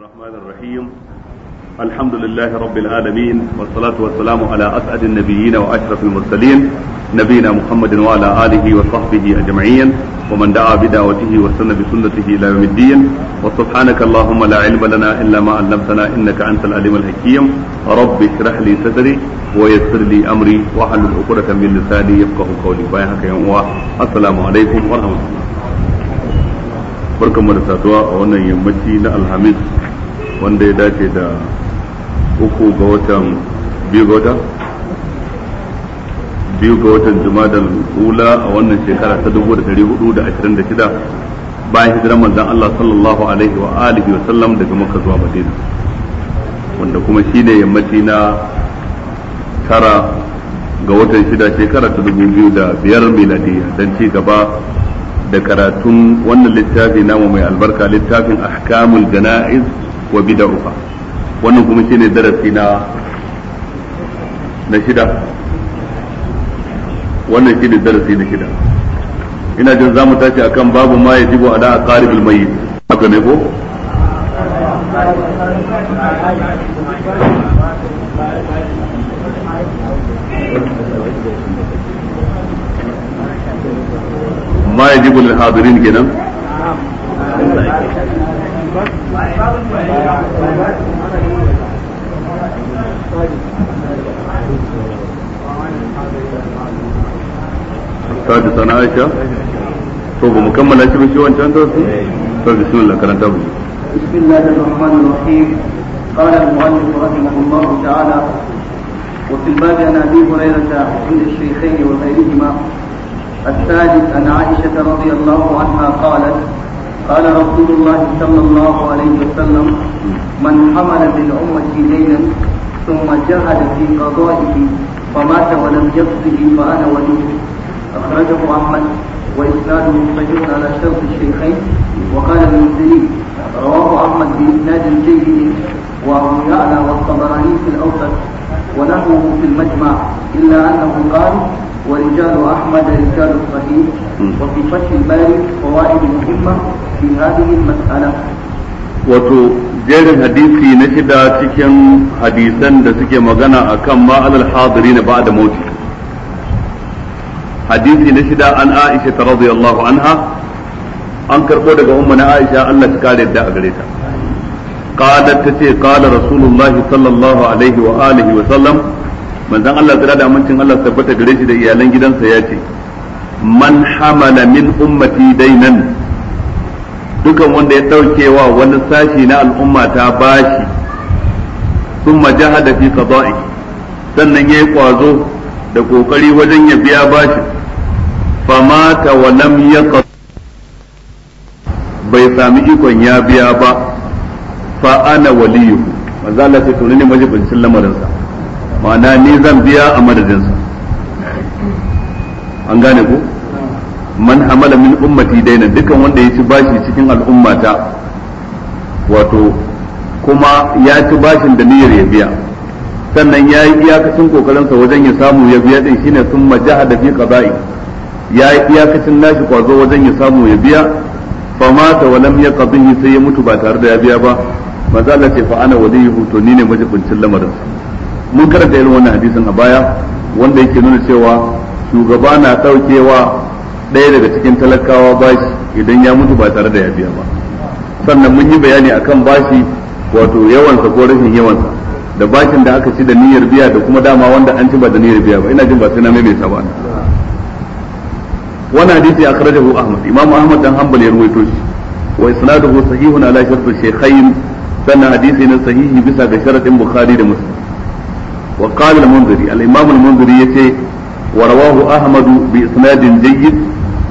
الرحمن الرحيم الحمد لله رب العالمين والصلاة والسلام على أسعد النبيين وأشرف المرسلين نبينا محمد وعلى آله وصحبه أجمعين ومن دعا بدعوته وسن بسنته إلى يوم الدين وسبحانك اللهم لا علم لنا إلا ما علمتنا إنك أنت العليم الحكيم رب اشرح لي صدري ويسر لي أمري وحل عقدة من لساني يفقه قولي بايعك يوم السلام عليكم ورحمة الله barkanmu da saduwa a wannan yammaci na alhamis wanda ya dace da uku ga watan biyu ga watan biyu ga watan jumadal ula a wannan shekara ta 1426 bayan hijirar manzan Allah sallallahu alaihi wa alihi wa sallam daga Makka zuwa Madina wanda kuma shine yammaci na tara ga watan shida shekara ta dubu biyu da biyar miladiya don ci gaba da karatun wannan littafi namu mai albarka littafin ahkamul jana'iz wa bid'uha wannan kuma shine darasi na na shida wannan shine darasi na shida ina jin zamu tashi akan babu ma yajibu ada aqaribil mayyit haka ne ko ما يجب للحاضرين كده سادسة عائشة طب مكمل عائشة بشي وانت انت بسم الله كرنت بسم الله الرحمن الرحيم قال المؤلف رحمه الله تعالى وفي الباب عن ابي هريره عند الشيخين وغيرهما الثالث عن عائشه رضي الله عنها قالت قال رسول الله صلى الله عليه وسلم من حمل بالأمة ليلا ثم جهد في قضائه فمات ولم يقضه فأنا وليه أخرجه أحمد وإسناده صحيح على شرط الشيخين وقال المنزلي رواه أحمد بإسناد جيد وأبو يعلى والطبراني في الأوسط ونحوه في المجمع إلا أنه قال ورجال أحمد رجال الصحيح hmm. وفي فتح الباري فوائد مهمة في هذه المسألة wato jerin hadisi na shida cikin hadisan da suke magana akan ma'al hadiri na da mauti hadisi na shida an Aisha ta radiyallahu anha an karɓo daga umma na Aisha Allah ta kare da a gare ta qalat tace qala rasulullahi sallallahu alaihi wa alihi wa sallam manzon Allah tsira da amincin Allah tabbata gare shi da iyalan gidansa ya ce man hamala min ummati dainan dukan wanda ya daukewa wani sashi na al'umma ta bashi thumma jahada fi qada'i sannan yayi kwazo da kokari wajen ya biya bashi famata wa lam yaqad bai sami ikon ya biya ba fa ana waliyuhu manzo Allah ya tuni ne majibincin lamarinsa ma'ana ni zan biya a madadinsa an gane ku. man hamala min ummati daina dukan wanda ya ci bashi cikin al'ummata wato kuma ya ci bashin da niyyar ya biya sannan ya yi iyakacin kokarinsa wajen ya samu ya biya din shine sun majaha da fi qada'i ya yi iyakacin nashi kwazo wajen ya samu ya biya fa mata wa lam yaqdihi sai ya mutu ba tare da ya biya ba manzo Allah ce fa ana waliyuhu to ni ne majibincin lamarin mun karanta irin wannan hadisin a baya wanda yake nuna cewa shugaba na daukewa ɗaya daga cikin talakawa bashi idan ya mutu ba tare da ya biya ba sannan mun yi bayani akan bashi wato yawansa ko rashin yawansa da bashin da aka ci da niyyar biya da kuma dama wanda an ci ba da niyyar biya ba ina jin ba sai na sa ba wannan hadisi akhrajahu ahmad imam ahmad dan hanbal ya ruwaito shi wa isnaduhu sahihun ala shartu shaykhain sannan hadisi ne sahihi bisa ga sharadin bukhari da muslim wa qala al ya ce imam al rawahu ahmad bi isnadin jayyid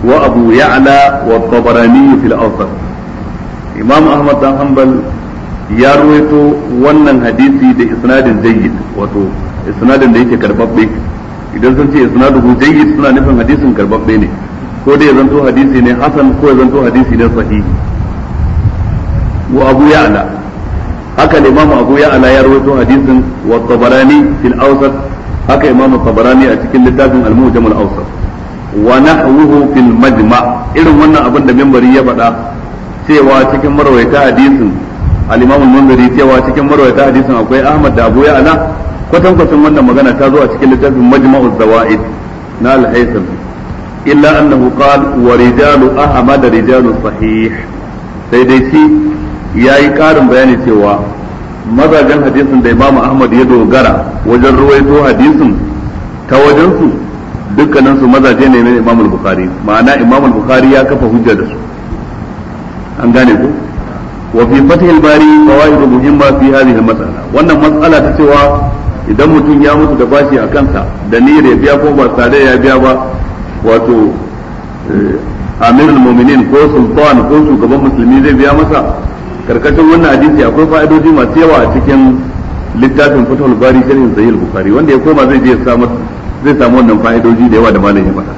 wa abu ya'la wa imam ahmad dan hanbal ya ruwaito wannan hadisi da isnadin jayyid wato da yake karbabbe idan sun ce isnaduhu jayyid suna nufin hadisin karbabbe ne ko dai zanto hadisi ne hasan ko zanto hadisi ne sahihi wa abu ya'la haka al abu ya ala ya rawaito hadisin wa tabarani fil awsat haka imam tabarani a cikin littafin al-mujam al-awsat wa nahwuhu fil majma irin wannan abin da membari ya faɗa cewa cikin marwaita hadisin al-imam al-munziri cewa cikin marwaita hadisin akwai ahmad da abu ya ala kwatankwacin wannan magana ta zo a cikin littafin majma'u zawaid na al-haytham illa annahu qala wa rijalu ahmad rijalu sahih sai dai shi ya yi ƙarin bayani cewa mazajen hadisin da imamu ahmad ya dogara wajen ruwaito hadisin ta wajensu dukkaninsu mazaje ne na imamu bukhari ma'ana imamu bukhari ya kafa hujja da su an gane ku wa fi fathil bari fawaidu muhimma fi hadhihi al wannan mas'ala ta cewa idan mutum ya mutu da bashi a kansa da niyyar ya biya ko ba tare ya biya ba wato eh, amirul mu'minin ko sultan ko shugaban musulmi zai biya masa karkashin wannan hadisi akwai fa'idoji masu yawa a cikin littafin fatahul bari sharhin zayil bukhari wanda ya koma zai je samu zai samu wannan fa'idoji da yawa da malam ya faɗa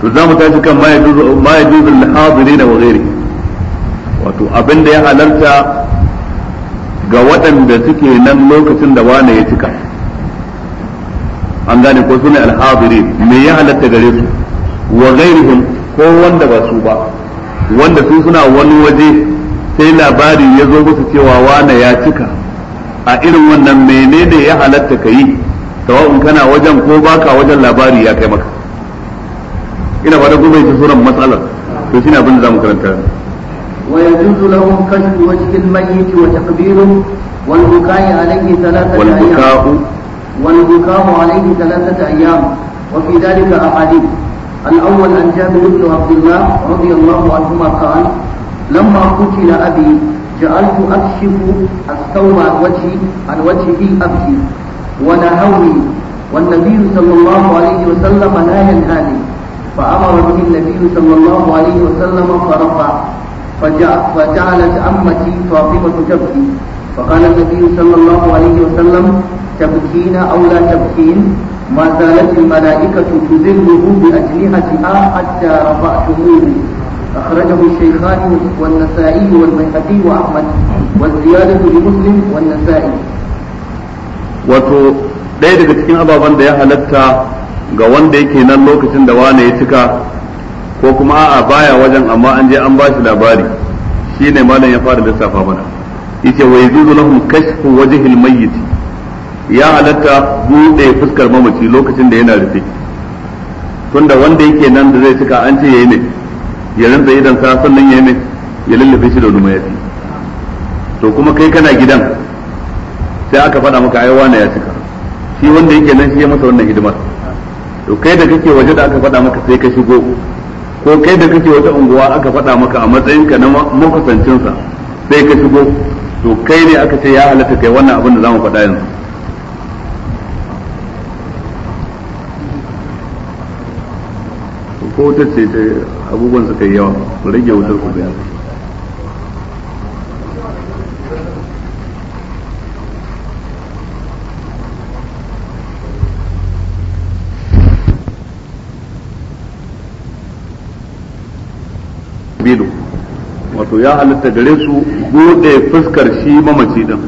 to za mu tashi kan ma yajuzu ma yajuzu al wa ghairi wato abin da ya halarta ga waɗanda suke nan lokacin da wani ya cika an gane ko sune al-hadirin me ya halarta gare su wa ghairihim ko wanda ba su ba wanda sun suna wani waje sai labari ya zo musu cewa wane ya cika a irin wannan menene ya halatta ka yi tawa'un kana wajen ko baka wajen labari ya kai maka ina fata kuma ta suran matsalar to shine abin da zamu karanta ويجوز لهم كشف وجه الميت وتقبيره والبكاء عليه ثلاثة والبكاء أيام والبكاء عليه ثلاثة أيام وفي ذلك أحاديث الأول عن جابر بن عبد الله رضي الله عنهما قال لما قتل أبي جعلت أكشف الثوب عن وجهي عن وجهه أبكي ونهوي والنبي صلى الله عليه وسلم لا ينهاني فأمر به النبي صلى الله عليه وسلم فرفع فجعلت أمتي فاطمة تبكي فقال النبي صلى الله عليه وسلم تبكين أو لا تبكين ما زالت الملائكة تذله بأجنحتها حتى رفعتموه أخرجه الشيخان والنسائي والبيهقي وأحمد والزيادة لمسلم والنسائي وتو ɗaya daga cikin ababen da ya halatta ga wanda yake nan lokacin da wane ya cika ko kuma a baya wajen amma an je an ba shi labari shine malam ya fara lissafa mana yace wa yajuzu lahum kashfu wajhil mayyit ya halatta buɗe fuskar mamaci lokacin da yana rufe tunda wanda yake nan da zai cika an ce yayi ne ya rinza idan sa sannan yayi ne ya lullube shi da lumayafi to kuma kai kana gidan sai aka faɗa maka ai wani ya cika shi wanda yake nan shi ya masa wannan hidimar to kai da kake waje da aka faɗa maka sai ka shigo ko kai da kake wata unguwa aka faɗa maka a matsayinka na makusancinsa sai ka shigo to kai ne aka ce ya halatta kai wannan abin da zamu faɗa yanzu wutar ce ta abubuwan suka yi yawa rage wutar ku bido wato ya halitta gare su bude fuskar shi mamaci din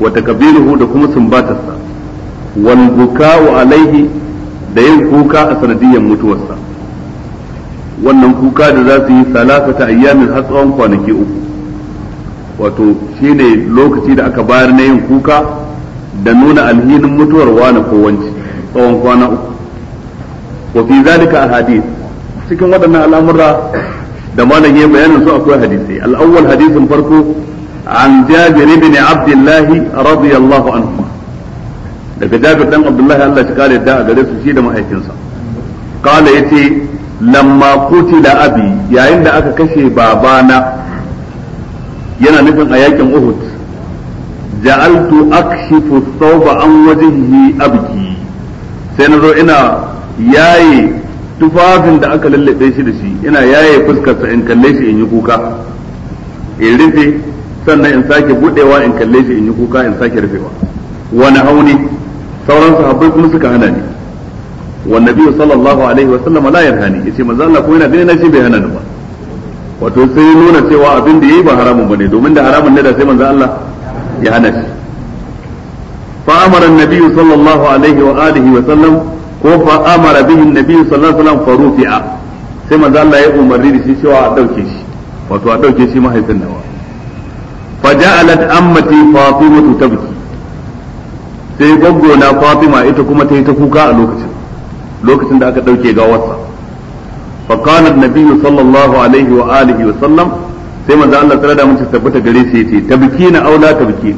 wata takabiluhu da kuma sumbatarsa wal buka'u alaihi da yin kuka a sanadiyyar mutuwarsa wannan kuka da za su yi salasata ayyamin har tsawon kwanaki uku wato shine lokaci da aka bayar na yin kuka da nuna alhinin mutuwar wani ko tsawon kwana uku wa fi zalika cikin waɗannan al'amura da malam ya bayanin su akwai hadisi al'awwal hadisin farko an Jabir ibn Abdullah radiyallahu anhu daga jabir dan abdullahi Allah shi kare da a gare su shi da mahaifinsa kala yace lamma da abi yayin da aka kashe babana yana nufin a yakin Uhud ja'altu akshifu thawba an wajhihi abki sai nazo ina yaye tufafin da aka lallabe shi da shi ina yaye fuskarsa in kalle shi in yi kuka in rufe sannan in sake budewa in kalle shi in yi kuka in sake rufewa wani hauni sauran sahabbai kuma suka hana ni wa nabiyyu sallallahu alaihi wa sallam la yarhani yace manzo Allah ko yana ganin na shi bai hana ni ba wato sai nuna cewa abin da yayi ba haramun bane domin da haramun ne da sai manzo Allah ya hana shi fa amara nabiyyu sallallahu alaihi wa alihi wa sallam ko fa amara bihi nabiyyu sallallahu alaihi wa sallam farufi'a sai manzo Allah ya umarni da shi cewa a dauke shi wato a dauke shi mahaifin nawa fa ja'alat ammati fatimatu tabki sai goggo na fatima ita kuma ta yi ta kuka a lokacin lokacin da aka ɗauke gawarsa فقال Sallallahu alaihi wa alihi wa sallam sai maza Allah tsara da mun tabbata gare shi yace tabki na Aula tabkini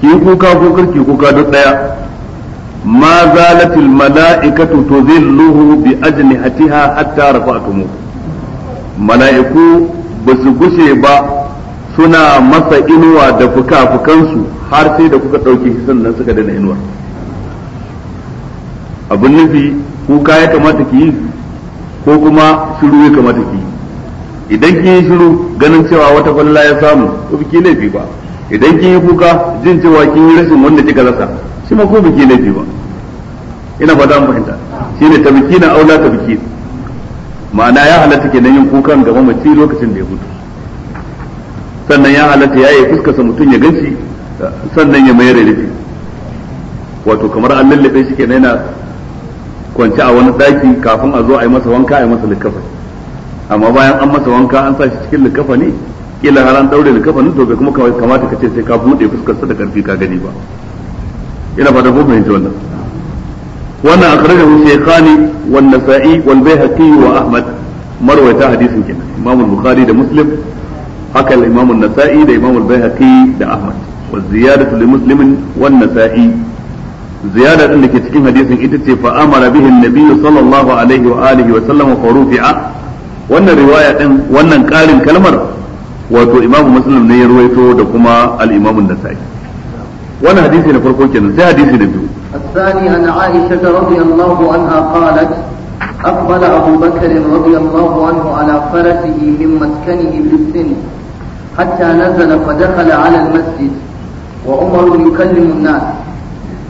ki kuka ko karki kuka duk daya ma zalatil malaikatu luhu bi ajnihatiha hatta rafa'tumu malaiku ba su gushe ba suna masa inuwa da fuka-fukansu har sai da kuka ɗauke shi sannan suka daina inuwar abin nufi kuka ya kamata ki yi ko kuma shiru ya kamata ki yi idan ki yi shiru ganin cewa wata falla ya samu ko biki laifi ba idan ki yi kuka jin cewa kin yi rashin wanda kika rasa shi ma ko biki laifi ba ina fata an fahimta ne ta biki na aula ta biki ma'ana ya halatta kenan yin kukan gaba mace lokacin da ya mutu sannan ya halatta ya yi fuskarsa mutum ya gansi sannan ya mayar rufi wato kamar an lallabe shi kenan yana kwanci a wani daki kafin a zo a yi masa wanka a yi masa likafa amma bayan an masa wanka an sa shi cikin likafa ne kila har an daure likafa ne to bai kuma kamata ka ce sai ka bude fuskarsa da karfi ka gani ba ina fata ko fahimta wannan wannan akhrajahu khani wan nasa'i wal bayhaqi wa ahmad marwayata hadisin kenan imam bukhari da muslim haka al-imam an-nasa'i da imam al-baihaqi da ahmad wa ziyadatu li muslimin wan nasa'i ziyada din dake cikin hadisin ita ce fa amara bihi sallallahu alaihi wa alihi wa sallam fa rufi'a wannan riwaya din wannan kalmar wato imam ya da kuma an-nasa'i wannan hadisi na farko sai na biyu الثاني عن عائشة رضي الله عنها قالت أقبل أبو بكر رضي الله عنه على فرسه من مسكنه في السن حتى نزل فدخل على المسجد وعمر يكلم الناس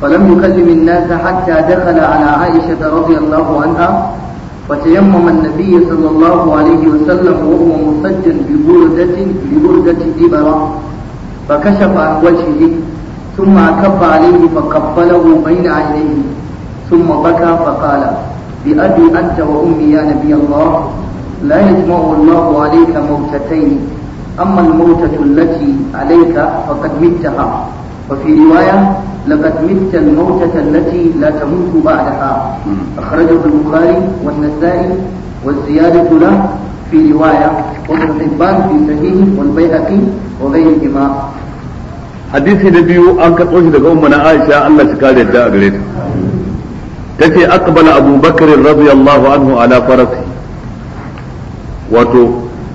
فلم يكلم الناس حتى دخل على عائشة رضي الله عنها فتيمم النبي صلى الله عليه وسلم وهو مسجل ببردة ببردة إبرة فكشف عن وجهه ثم كف عليه فقبله بين عينيه ثم بكى فقال بأبي أنت وأمي يا نبي الله لا يجمع الله عليك موتتين أما الموتة التي عليك فقد متها وفي رواية لقد مت الموتة التي لا تموت بعدها أخرجه البخاري والنسائي والزيادة له في رواية وابن حبان في صحيح والبيهقي وغيرهما hadisi na biyu an katso shi daga umma na Aisha Allah shi kare da gare ta tace aqbala Abu Bakr radiyallahu anhu ala farasi wato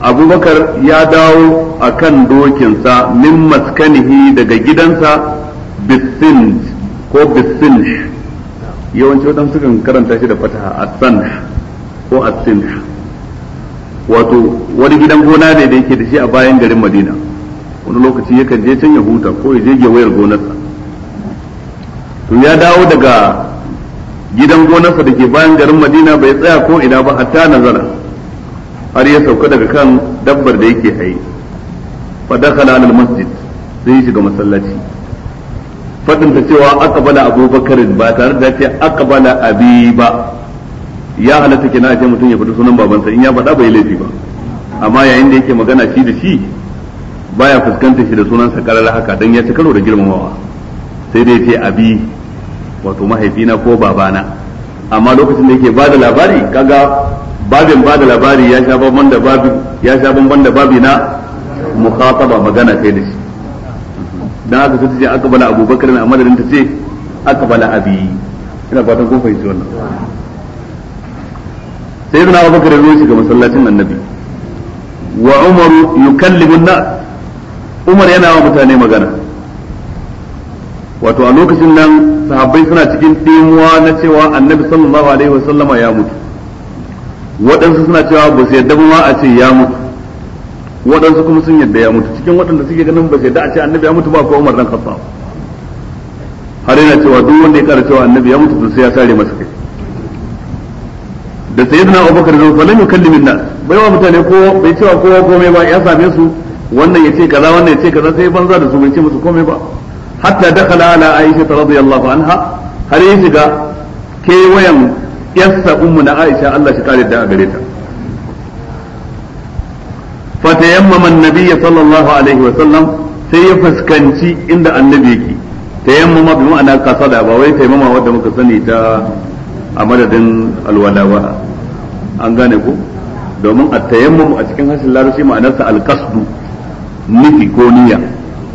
abubakar ya dawo a kan dokinsa min maskanihi daga gidansa bisin ko bisin yawanci wadanda sukan karanta shi da fataha asan ko asin wato wani gidan gona ne da yake da shi a bayan garin madina wani lokaci yakan je can ya huta ko ya je gewayar gonarsa to ya dawo daga gidan gonarsa da ke bayan garin madina bai tsaya ko ina ba hatta nazara har ya sauka daga kan dabbar da yake haye fa dakhala al masjid sai ya shiga masallaci fadin ta cewa aqbala abubakar ba tare da ce aqbala abi ba ya halatta kina ce mutum ya fita sunan babansa in ya faɗa bai laifi ba amma yayin da yake magana shi da shi baya fuskantar shi da sunansa karar haka dan ya ci karo da girmamawa sai dai ce abi wato mahaifina ko babana amma lokacin da yake bada labari kaga babin bada labari ya sha bamban da babi ya sha bamban da babi na mukhataba magana kai da shi dan haka sai ta ce aka bala abubakar na madadin ta ce aka bala abi ina fatan kun fahimci wannan sai ibn abubakar ya zo shiga masallacin annabi wa umaru yukallimu an-nas umar yana wa mutane magana wato a lokacin nan sahabbai suna cikin dimuwa na cewa annabi sallallahu alaihi wasallama ya mutu waɗansu suna cewa ba su yadda ma a ce ya mutu waɗansu kuma sun yadda ya mutu cikin waɗanda suke ganin ba su yadda a ce annabi ya mutu ba ko Umar dan Khattab har yana cewa duk wanda ya ƙara cewa annabi ya mutu to sai ya sare masa kai da sayyidina Abubakar zan fa lam yukallimin nas bai wa mutane ko bai cewa kowa komai ba ya same su wannan yace kaza wannan yace kaza sai banza da su bai ce musu komai ba hatta dakala ala Aisha radiyallahu anha har ya shiga wayan yassa ummu na Aisha Allah shi kare da gare ta fatayammama annabiyya sallallahu alaihi wa sallam sai ya fuskanci inda annabi yake tayammama bi ma'ana kasada ba wai tayammama wanda muka sani ta a madadin alwala ba an gane ko domin a tayammamu a cikin harshen larabci ma'anarsa alqasdu nufi ko niyya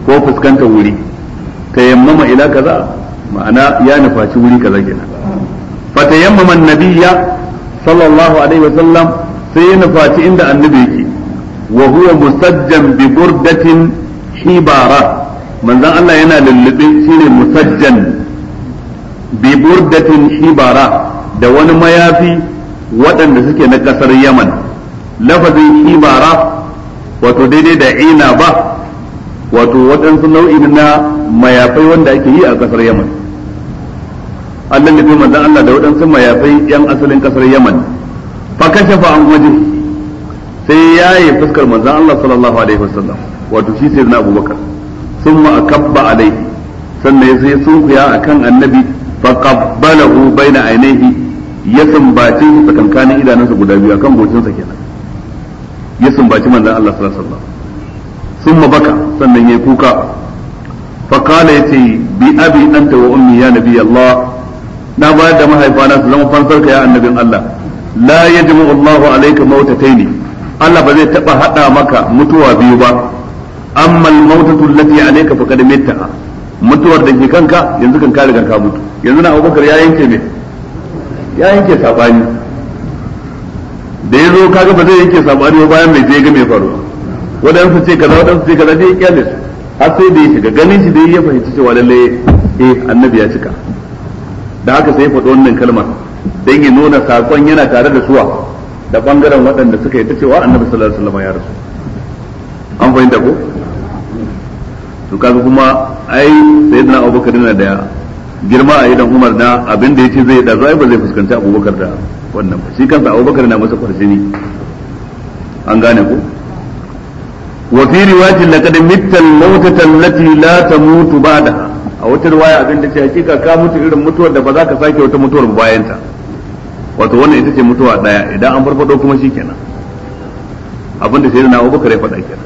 ko fuskantar wuri tayammama ila kaza ma'ana ya nufaci wuri kaza kenan fatayammama nabiyya sallallahu alaihi wasallam sai ya nufaci inda annabi yake wa huwa musajjan bi burdatin hibara manzon Allah yana lullube shine musajjan bi burdatin hibara da wani mayafi waɗanda suke na ƙasar Yaman lafazin hibara wato daidai da ina ba wato waɗansu nau'i na mayafai wanda ake yi a ƙasar Yaman Allah ne manzon Allah da waɗansu mayafai yan asalin kasar Yaman fa kashafa an waje sai ya yi fuskar manzon Allah sallallahu alaihi wasallam wato shi sai na abu sayyidina Abubakar thumma akabba alaihi sannan ya sai sun a kan annabi fa qabbalahu baina ainihi ya sumbace shi tsakankanin idanunsa guda biyu akan gocinsa kenan ya sumbaci manzon Allah sallallahu alaihi wasallam thumma baka sannan ya yi kuka fa kala ya ce bi abi anta wa ummi ya nabi Allah na bayar da mahaifana su zama ka ya annabin Allah la yajmu Allahu alayka mautataini Allah ba zai taba hada maka mutuwa biyu ba amma al-mautatu allati alayka faqad mitta mutuwar da ke kanka yanzu kan ka riga ka mutu yanzu na Abubakar ya yanke me ya yanke sabani da ya zo kaga ba zai yanke sabani ba bayan mai je ga mai faru wadansu ce kaza wadansu ce kaza dai ya kyale har sai da ya shiga ganin shi dai ya fahimci cewa lalle eh annabi ya cika da haka sai faɗo wannan kalmar don ya nuna sakon yana tare da suwa da ɓangaren waɗanda suka yi ta cewa annabi sallallahu alaihi wasallam ya rasu an fahimta ko to kaga kuma ai sayyidina abubakar yana da girma a idan umar na abin da ce zai da zai ba zai fuskanci abubakar da wannan ba shi kansa abubakar na masa ne an gane ko wa fi riwayatin laqad mittal mawtatan lati la tamutu ba'daha a wata ruwaya abin da ce hakika ka mutu irin mutuwar da ba za ka sake wata mutuwar bayan ta wato wannan ita ce mutuwa daya idan an farfado kuma shikenan abin da sai na Abubakar ya faɗa kenan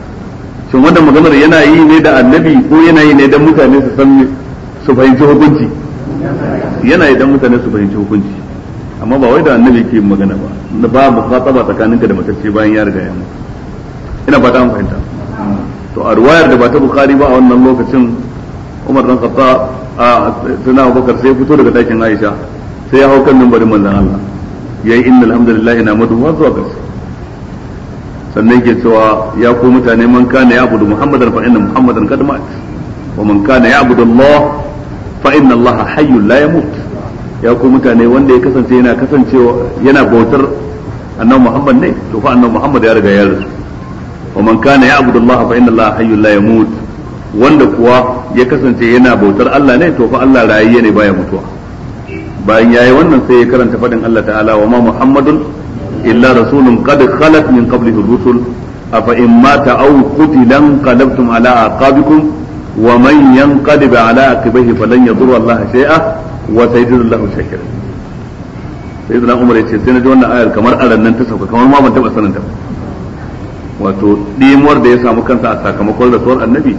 shin wannan maganar yana yi ne da annabi ko yana yi ne dan mutane su san su fahimci hukunci yana yi dan mutane su fahimci hukunci amma ba wai da annabi ke magana ba na ba tsakanin tsakaninka da matacce bayan ya riga ya mutu ina fata amfani fahimta to a ruwayar da ba ta bukhari ba a wannan lokacin Umar dan Khattab a suna Abubakar sai fito daga dakin Aisha sai ya hau kan mimbarin manzon Allah yayi innal hamdalillah ina madu wa zuwa ƙarshe sannan ke cewa ya ku mutane man kana ya'budu Muhammadan fa inna Muhammadan mat wa man kana ya'budu Allah fa inna Allah hayyun la yamut ya ku mutane wanda ya kasance yana kasancewa yana bautar annabi Muhammad ne to fa annabi Muhammad ya riga ya rasu wa man kana ya'budu Allah fa inna Allah hayyun la yamut wanda kuwa ya kasance yana bautar Allah ne to fa Allah rayayye ne baya mutuwa bayan yayi wannan sai ya karanta fadin Allah ta'ala wa ma Muhammadun illa rasulun qad khalat min qablihi rusul afa in mata aw qutilan qalabtum ala aqabikum wa man yanqalib ala aqibihi falan yadurra Allah shay'a wa sayyidu Allahu shakir sai da Umar yace sai na ji wannan ayar kamar aran nan ta sauka kamar ma ban taba sanin ta wato dimuwar da ya samu kansa a sakamakon rasuwar annabi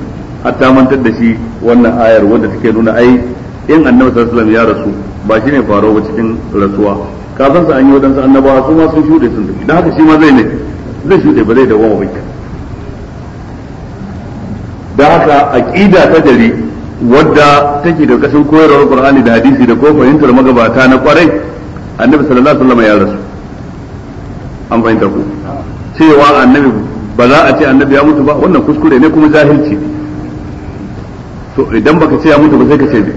hatta mantar da shi wannan ayar wanda take nuna ai in annabi sallallahu alaihi ya rasu ba shi ne faro ba cikin rasuwa kafin sa an yi wadansu annabawa su ma sun shuɗe sun tafi dan haka shi ma zai ne zai shuɗe ba zai dawo ba da haka aqida ta dare wadda take da kasan koyarwar Qur'ani da hadisi da ko fahimtar magabata na kwarai annabi sallallahu alaihi wasallam ya rasu an fahimta ku cewa annabi ba za a ce annabi ya mutu ba wannan kuskure ne kuma jahilci ne to idan baka ce ya mutu ba sai ka ce bi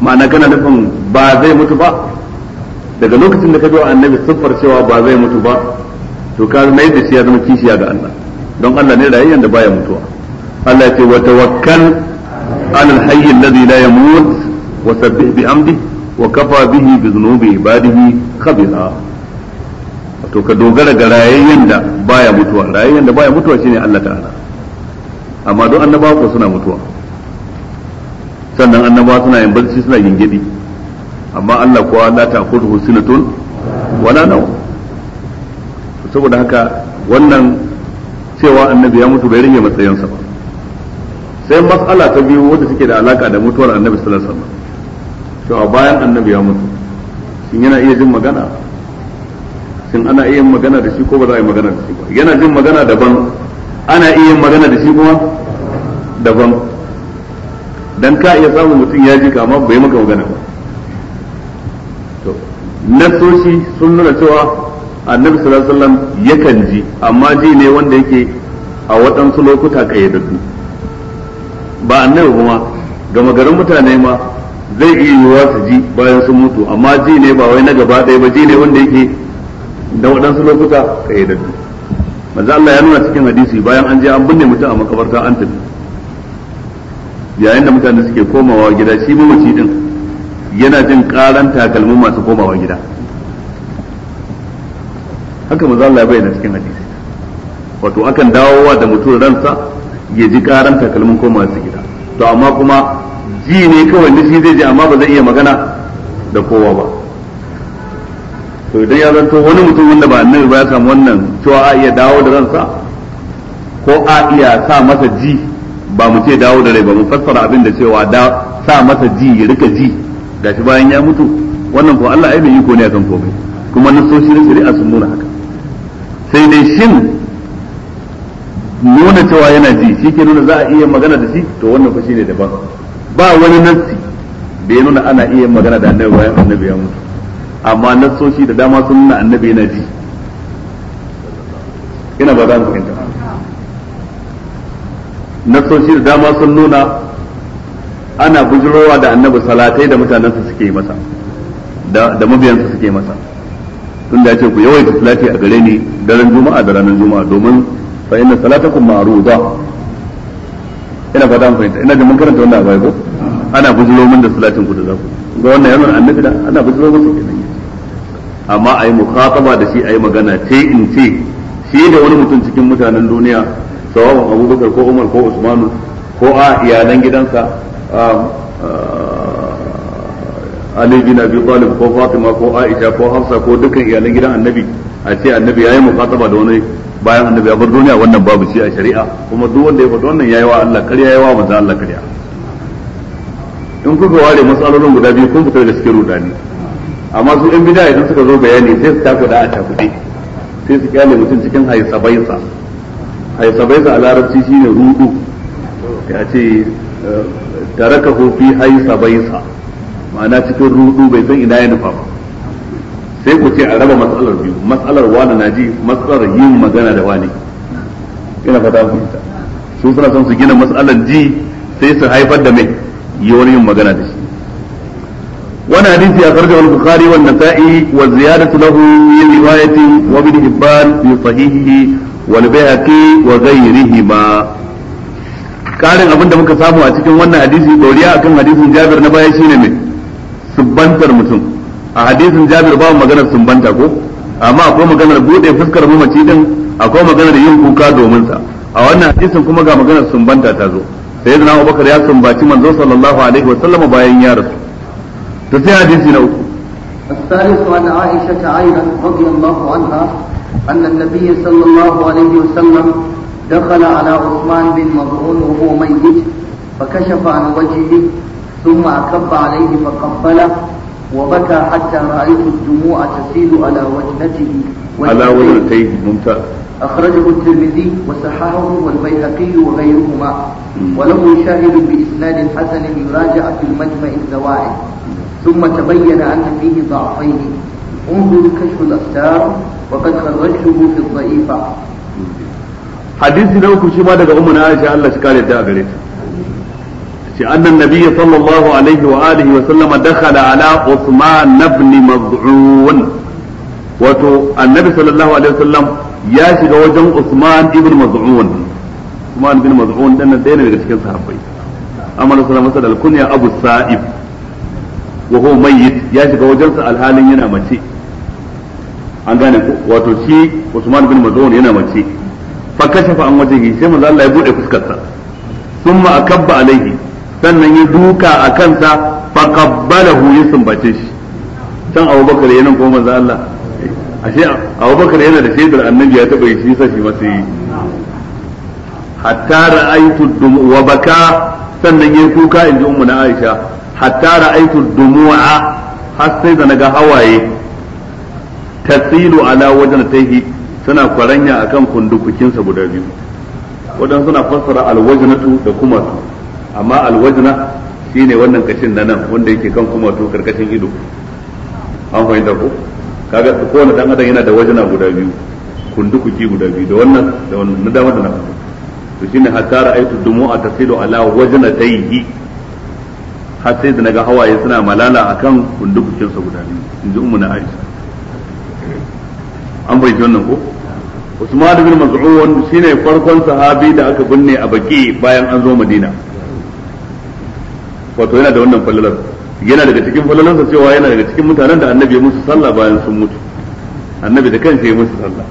ma'ana kana nufin ba zai mutu ba daga lokacin da ka biyo annabi siffar cewa ba zai mutu ba to ka mai da shi ya zama kishiya ga Allah don Allah ne rayayyen da baya mutuwa Allah ya ce wa tawakkal alal hayy alladhi la yamut wa sabbih bi amdi wa kafa bihi bi dhunubi ibadihi khabira to ka dogara ga rayayyen da baya mutuwa rayayyen da baya mutuwa shine Allah ta'ala amma don annabawa ko suna mutuwa sannan annabawa suna yin barci suna gidi amma Allah kuwa la ta'khudhu sinatun wala naw saboda haka wannan cewa annabi ya mutu bai rage matsayinsa ba sai mas'ala ta biyu wanda suke da alaka da mutuwar annabi sallallahu alaihi wasallam cewa bayan annabi ya mutu shin yana iya jin magana shin ana iya magana da shi ko ba za a yi magana da shi ba yana jin magana daban ana iya magana da shi kuma daban dan ka iya samun mutum ya ji kama amma bai maka magana ba to nasoshi sun nuna cewa annabi sallallahu alaihi wasallam yakan ji amma ji ne wanda yake a waɗansu lokuta kayyadaddu ba annabi kuma gama garin mutane ma zai iya yiwuwa su ji bayan sun mutu amma ji ne ba wai na gaba ɗaya ba ji ne wanda yake da waɗansu lokuta kayyadaddu manzo Allah ya nuna cikin hadisi bayan an je an binne mutum a makabarta an tafi yayin da mutane suke komawa gida shi mamaci din yana jin karan takalmin masu komawa gida haka maza Allah bayyana cikin hadisi wato akan dawowa da mutum ransa ya ji karan takalmin komawa su gida to amma kuma ji ne kawai da shi zai ji amma ba zai iya magana da kowa ba to idan ya zanto wani mutum wanda ba annabi ba ya samu wannan cewa a iya dawo da ransa ko a iya sa masa ji ba mu ce dawo da rai ba mu fassara abin da cewa da sa masa ji ya rika ji gashi bayan ya mutu wannan ko Allah ai bai yi ko ne akan komai kuma nasoshi na shari'a sun nuna haka sai dai shin nuna cewa yana ji shi ke nuna za a iya magana da shi to wannan fa ne daban ba wani nassi da ya nuna ana iya magana da annabi bayan annabi ya mutu amma nassoshi da dama sun nuna annabi yana ji ina ba za mu fahimta nasoshi da dama sun nuna ana bujirowa da annabi salatai da mutanensa suke masa da mabiyansa suke masa tun da ya ce ku yawaita salati a gare ni daren juma'a da ranar juma'a domin fa inna salatakum ma'ruda ina fata an fahimta ina jin mun karanta wannan abai ko ana bujiro min da salatin ku da zaku ga wannan yana annabi da ana bujiro masa kenan amma ayi mukhataba da shi ayi magana ce in ce shi da wani mutum cikin mutanen duniya sawawan abubakar ko umar ko usmanu ko a iyalan gidansa ali bin abi talib ko fatima ko aisha ko hafsa ko dukkan iyalan gidan annabi a ce annabi yayi mukataba da wani bayan annabi ya bar duniya wannan babu shi a shari'a kuma duk wanda ya faɗi wannan yayi wa Allah ya yayi wa manzo Allah kariya. in kuka ware matsalolin guda biyu kun fitar da cikin rudani amma su in bid'a idan suka zo bayani sai su takuda a takude sai su kyale mutum cikin sa. haisabaiza a larabci shine rudu ya ce eh, ka fi haisabaisa ma'ana cikin rudu bai san ina ya nufa ba sai ku ce a raba matsalar biyu matsalar wani na ji matsalar yin magana da wani ina fata ku ita su suna son su gina matsalar ji sai su haifar da mai yi wani yin magana da shi wani حديث a karjar al-bukhari wa nasa'i wa ziyadatu lahu min riwayati wa walbayati bayhaqi wa ghayrihima karin abin da muka samu a cikin wannan hadisi doriya akan hadisin Jabir na baya shine me subbantar mutum a hadisin Jabir ba maganar sumbanta ko amma akwai maganar bude fuskar mamaci din akwai maganar yin kuka domin sa a wannan hadisin kuma ga maganar sumbanta ta zo sayyidina Abubakar ya sumbaci manzo sallallahu alaihi wa sallama bayan ya rasu to sai hadisi na uku الثالث عن عائشة أيضا رضي الله عنها أن النبي صلى الله عليه وسلم دخل على عثمان بن مظعون وهو ميت فكشف عن وجهه ثم أكب عليه فقبله وبكى حتى رأيت الدموع تسيل على وجنته على وجنتيه ممتاز أخرجه الترمذي وصححه والبيهقي وغيرهما ولم يشاهد بإسناد حسن يراجع في المجمع الزواعي ثم تبين أن فيه ضعفين انظر كشف الأستار وقد خرجته في الضعيفة hadisi na uku shi ma daga ummu na Aisha Allah shi kare ta a gare ta ce annan nabiyyi sallallahu alaihi wa alihi wa sallama dakhala ala Usman ibn Maz'un wato annabi sallallahu alaihi wa sallam ya shiga wajen Usman ibn Maz'un Usman ibn Maz'un dan nan daga cikin sahabbai amma Rasul masa da alkunya Abu Sa'ib wa ya shiga wajen alhalin yana mace an gane wato shi Usman bin Mazun yana mace fa kashafa an wajehi sai manzo Allah ya bude sa thumma akabba alaihi sannan ya duka a kansa fa qabbalahu ya sumbace shi dan Abubakar yana ko manzo Allah ashe Abubakar yana da shaidar annabi ya taba shi sai shi mace yi hatta ra'aytu dum wa baka sannan ya kuka inji ummu na Aisha hatta ra'aytu dumu'a har sai da naga hawaye tasilu ala wajen taihi suna kwaranya akan kundukukinsa guda biyu wadansu suna fassara alwajnatu da kumatu amma alwajna shine wannan kashin na nan wanda yake kan kumatu karkashin ido an fahimta ko kaga kowane dan adam yana da wajna guda biyu kundukuki guda biyu da wannan da wannan na dama da na to shine hatta ra'aytu dumu'a tasilu ala wajnatayhi har sai da naga hawaye suna malala akan kundukukinsa guda biyu inji ummu na aisha an bayyana wannan ko Usman ibn Maz'un shine farkon sahabi da aka binne a baki bayan an zo Madina wato yana da wannan fallalar yana daga cikin sa cewa yana daga cikin mutanen da annabi ya musu sallah bayan sun mutu annabi da kansa ya musu sallah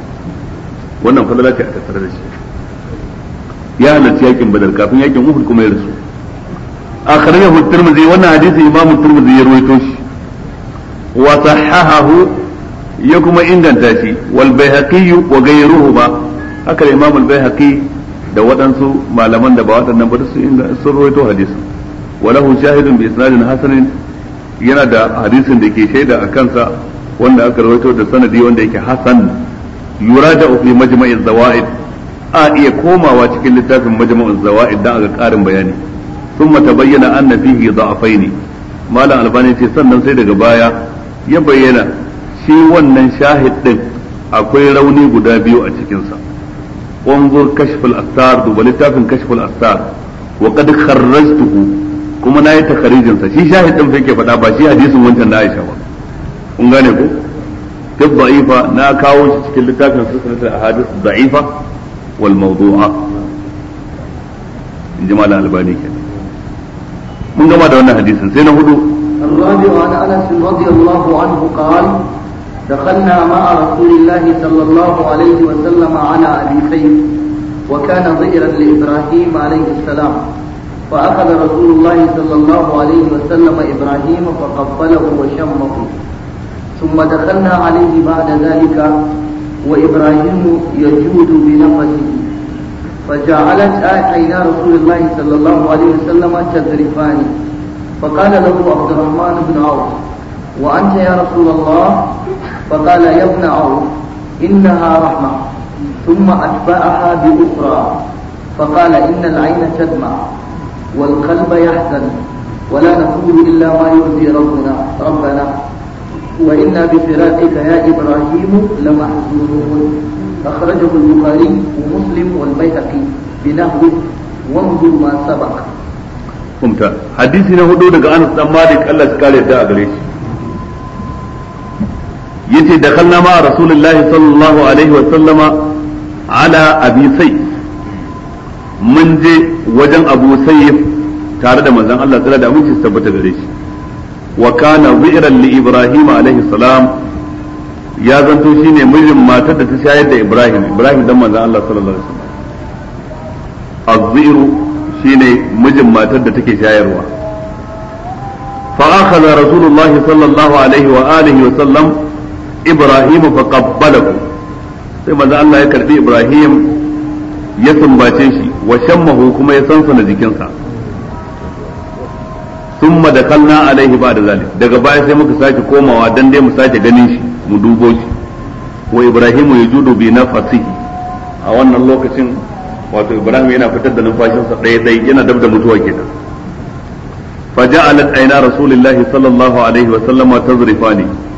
wannan fallalar ce a tattare da shi ya halarci yakin badar kafin yakin uhud kuma ya rasu akhrajahu at-tirmidhi wannan hadisi imamu at-tirmidhi ya ruwaito shi wa sahahahu ya kuma inganta shi wal baihaqi wa ghayruhu ba haka imam al bayhaqi da waɗansu malaman da ba waɗannan ba su sun rawaito hadisin walahu shahidun bi isnadin hasanin yana da hadisin da ke shaida a kansa wanda aka rawaito da sanadi wanda yake hasan yurada fi majma'i zawaid a iya komawa cikin littafin majma'u zawaid dan aga karin bayani thumma tabayyana anna fihi da'afaini malam albani ce sannan sai daga baya ya bayyana shi wannan shahid din akwai rauni guda biyu a cikinsa wanzur kashful astar duba littafin kashful astar wa qad kharrajtuhu kuma nayi takharijin sa shi shahid din fa faɗa ba shi hadisin wancan na Aisha ba kun gane ko duk da'ifa na kawo shi cikin littafin sunan ahadith da'ifa wal mawdu'a in jama'a albani kenan mun gama da wannan hadisin sai na hudu الرابع عن انس رضي الله عنه قال دخلنا مع رسول الله صلى الله عليه وسلم على أبي سيف وكان ظئرا لإبراهيم عليه السلام فأخذ رسول الله صلى الله عليه وسلم إبراهيم فقبله وشمه ثم دخلنا عليه بعد ذلك وإبراهيم يجود بنفسه فجعلت عينا رسول الله صلى الله عليه وسلم تذرفان فقال له عبد الرحمن بن عوف وأنت يا رسول الله فقال يا ابن عوف إنها رحمة ثم أتبعها بأخرى فقال إن العين تدمع والقلب يحزن ولا نقول إلا ما يرضي ربنا ربنا وإنا بفراقك يا إبراهيم لمحزونون أخرجه البخاري ومسلم والبيهقي بنهو وانظر ما سبق قمت حديثنا هدو دقاء أنس مالك الله سكالي دا أغريش yace da kallama ma rasulullahi sallallahu alaihi wa sallama ala abi sai mun je wajen abu sayyid tare da manzon Allah tsira da aminci su tabbata gare shi wa kana wi'ran li ibrahim alaihi salam ya zanto shine mijin matar da ta shayar da ibrahim ibrahim dan manzon Allah sallallahu alaihi wasallam az-zi'ru shine mijin matar da take shayarwa fa akhadha rasulullahi sallallahu alaihi wa alihi wa sallam Ibrahim fa qabbalahu sai manzo Allah ya karbi Ibrahim ya sumbace shi wa shammahu kuma ya sansana jikinsa thumma dakalna alaihi ba'da zalik daga baya sai muka sake komawa dan dai mu sake ganin shi mu dubo shi wa Ibrahim yajudu bi nafsihi a wannan lokacin wato Ibrahim yana fitar da numfashinsa ɗaya ɗaya yana dab da mutuwa kenan fa ja'alat رسول rasulillahi sallallahu alaihi wa sallama tazrifani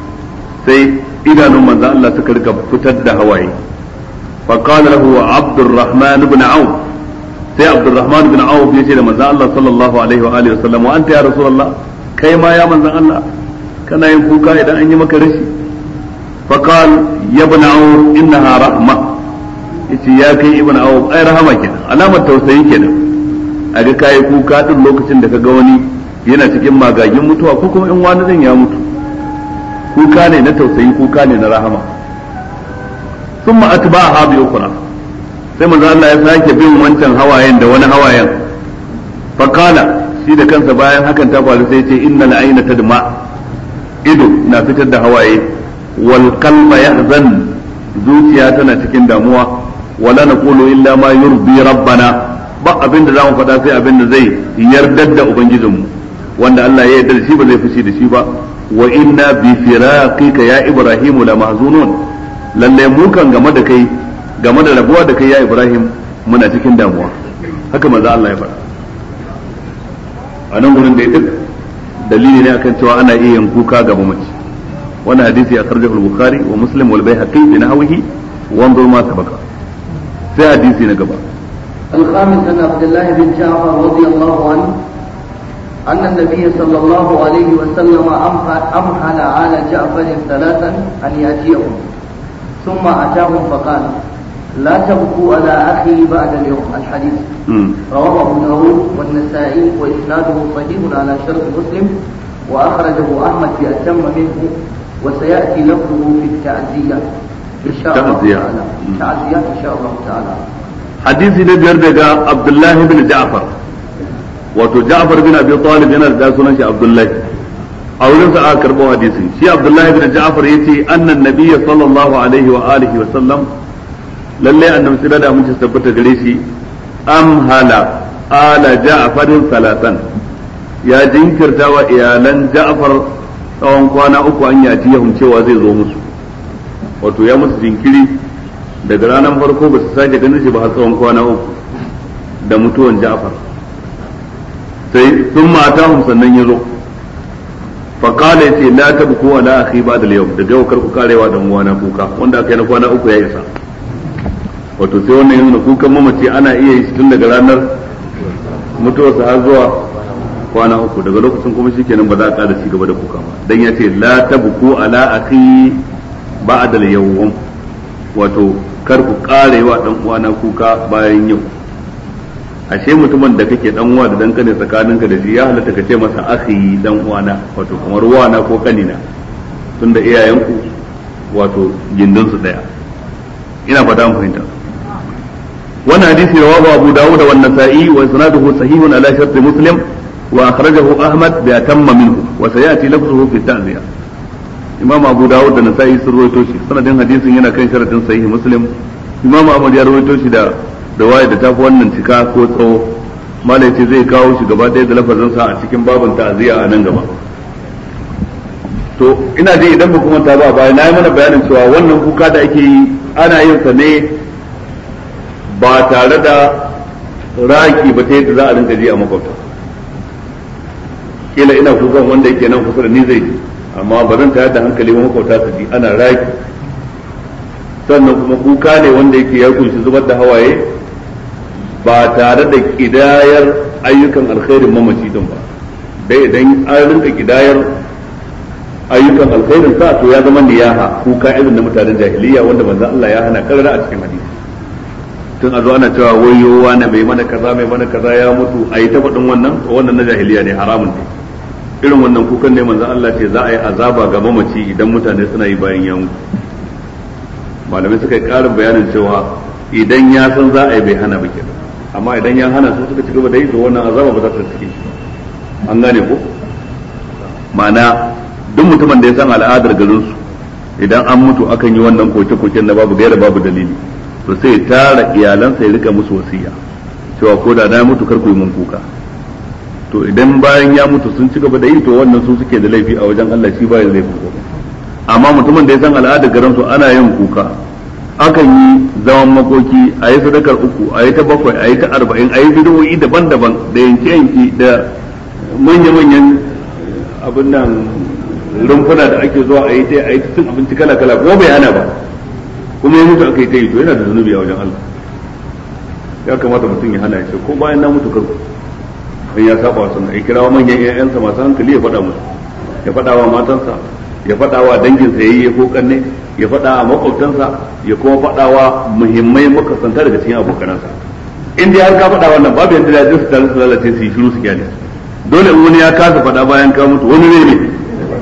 sai idanun manzan Allah suka rika fitar da hawaye fa qala lahu abdurrahman ibn auf sai abdurrahman ibn auf ya ce da manzan Allah sallallahu alaihi wa alihi wasallam wa anta ya rasulullah kai ma ya manzan Allah kana yin kuka idan an yi maka rashi fa qala ya ibn auf innaha rahma yace ya kai ibn auf ai rahama kenan alamar tausayi kenan a ga kai kuka din lokacin da ka ga wani yana cikin magagin mutuwa ko kuma in wani din ya mutu kuka ne na tausayi kuka ne na rahama summa atba'aha bi ukhra sai manzo Allah ya sake bin wancan hawayen da wani hawayen fakala shi da kansa bayan hakan ta faru sai ce innal ayna tadma ido na fitar da hawaye wal qalba yahzan zuciya tana cikin damuwa wala naqulu illa ma yurdi rabbana ba abin da zamu faɗa sai abin da zai yardar da ubangijinmu wanda Allah ya yarda da shi ba zai fushi da shi ba wa inna bi firaqika ya ibrahim la mahzunun lalle mu kan game da kai game da rabuwa da kai ya ibrahim muna cikin damuwa haka manzo Allah ya faɗa a nan gurin da duk dalili ne akan cewa ana iya yin kuka ga mamaci wannan hadisi a sarjahu bukhari wa muslim wal bayhaqi bin nahwihi wa ma sabaka sai hadisi na gaba al khamis عبد abdullah bin ja'far radiyallahu anhu أن النبي صلى الله عليه وسلم أمحل على جعفر ثلاثا أن يأتيهم ثم أتاهم فقال لا تبكوا على أخي بعد اليوم الحديث رواه أبو داود والنسائي وإسناده صحيح على شرط مسلم وأخرجه أحمد بأتم منه وسيأتي لفظه في التعزية إن شاء الله تعالى تعزية إن شاء الله تعالى حديث نبي عبد الله بن جعفر wato Ja'far bin Abi Talib yana da sunan shi Abdullahi a wurin sa aka karbo hadisin shi Abdullahi bin Ja'far yace annan nabiyyi sallallahu alaihi wa alihi wa sallam lalle annabi sai da mun tabbata gare shi am hala ala Ja'far salatan ya jinkirta wa iyalan Ja'far tsawon kwana uku an yaji yahum cewa zai zo musu wato ya musu jinkiri daga ranar farko ba su sake ganin shi ba har tsawon kwana uku da mutuwan Ja'far sai sun mata hum sannan ya zo faƙala ya ce la ta buku ala akhi ba da yau daga yau karku karewa dan uwana kuka wanda aka yi na kwana uku ya isa wato sai wannan yanzu kukan mamaci ana iya yi tun daga ranar mutuwarsa har zuwa kwana uku daga lokacin kuma shikenan ba za a ƙara ci gaba da kuka ba dan ya ce la a la ala akhi ba da yau wato kar ku karewa dan uwana kuka bayan yau ashe mutumin da kake dan uwa da dan kane tsakaninka da shi ya halatta ka ce masa akhi dan uwana wato kamar uwana ko kanina tunda iyayenku wato gindin su daya ina fata mun fahimta wannan hadisi rawahu Abu Dawud wa Nasa'i wa sanaduhu sahihun ala shart Muslim wa akhrajahu Ahmad bi atamma minhu wa sayati lafzuhu fi ta'ziya Imam Abu Dawud da Nasa'i sun rawaito shi sanadin hadisin yana kan sharadin sahihi Muslim Imam Ahmad ya rawaito shi da riwaya da tafi wannan cika ko tsawo malaici zai kawo shi gaba ɗaya da lafazin sa a cikin babin ta'aziyya a nan gaba to ina je idan ba kuma ta ba bayan na yi mana bayanin cewa wannan kuka da ake yi ana yin sa ne ba tare da raki ba ta yadda za a rinka ji a makwabta kila ina kukan wanda yake nan kusa da ni zai ji amma ba zan tayar da hankali ba makwabta su ji ana raki sannan kuma kuka ne wanda yake ya kunshi zubar da hawaye ba tare da kidayar ayyukan alkhairin mamaci din ba dai idan an rinka kidayar ayyukan alkhairin sa to ya zama niyaha kuka irin na mutanen jahiliya wanda manzo Allah ya hana karara a cikin hadisi tun a zo ana cewa wayo wani mai mana kaza mai mana kaza ya mutu a yi ta fadin wannan to wannan na jahiliya ne haramun ne irin wannan kukan ne manzo Allah ce za a yi azaba ga mamaci idan mutane suna yi bayan ya mutu malamai suka yi karin bayanin cewa idan ya san za a yi bai hana ba kenan amma idan ya hana su suka ci gaba da yi to wannan azaba ba za ta cike shi an gane ko ma'ana duk mutumin da ya san al'adar garin su idan an mutu akan yi wannan koke-koken na babu gaira babu dalili to sai tara iyalansa ya rika musu wasiya cewa ko da na mutu kar ku yi mun kuka to idan bayan ya mutu sun ci gaba da yi to wannan su suke da laifi a wajen Allah shi ba ya laifin ko amma mutumin da ya san al'adar garin su ana yin kuka akan yi zaman makoki a yi sadakar uku a yi ta bakwai a yi ta arba'in a yi bidiyoyi daban-daban da yanke-yanke da manya-manyan eh, abin nan rumfuna da ake zuwa a yi ta yi cin abinci kala-kala kuma bai hana ba kuma ya mutu aka yi ta yi to yana da zunubi a wajen Allah ya kamata mutum ya hana shi ko bayan na mutu kar in ya saba sunna ya kirawo manyan ƴaƴansa masu hankali ya faɗa musu ya faɗa wa matansa ya faɗa wa danginsa yayye ko kanne ya faɗa a makwabtansa ya kuma wa muhimmai makasanta daga cikin abokanansa in dai har ka faɗa wannan babu yadda da jinsu tare su lalace su yi shiru su kyale dole wani ya kasa faɗa bayan ka mutu wani ne ne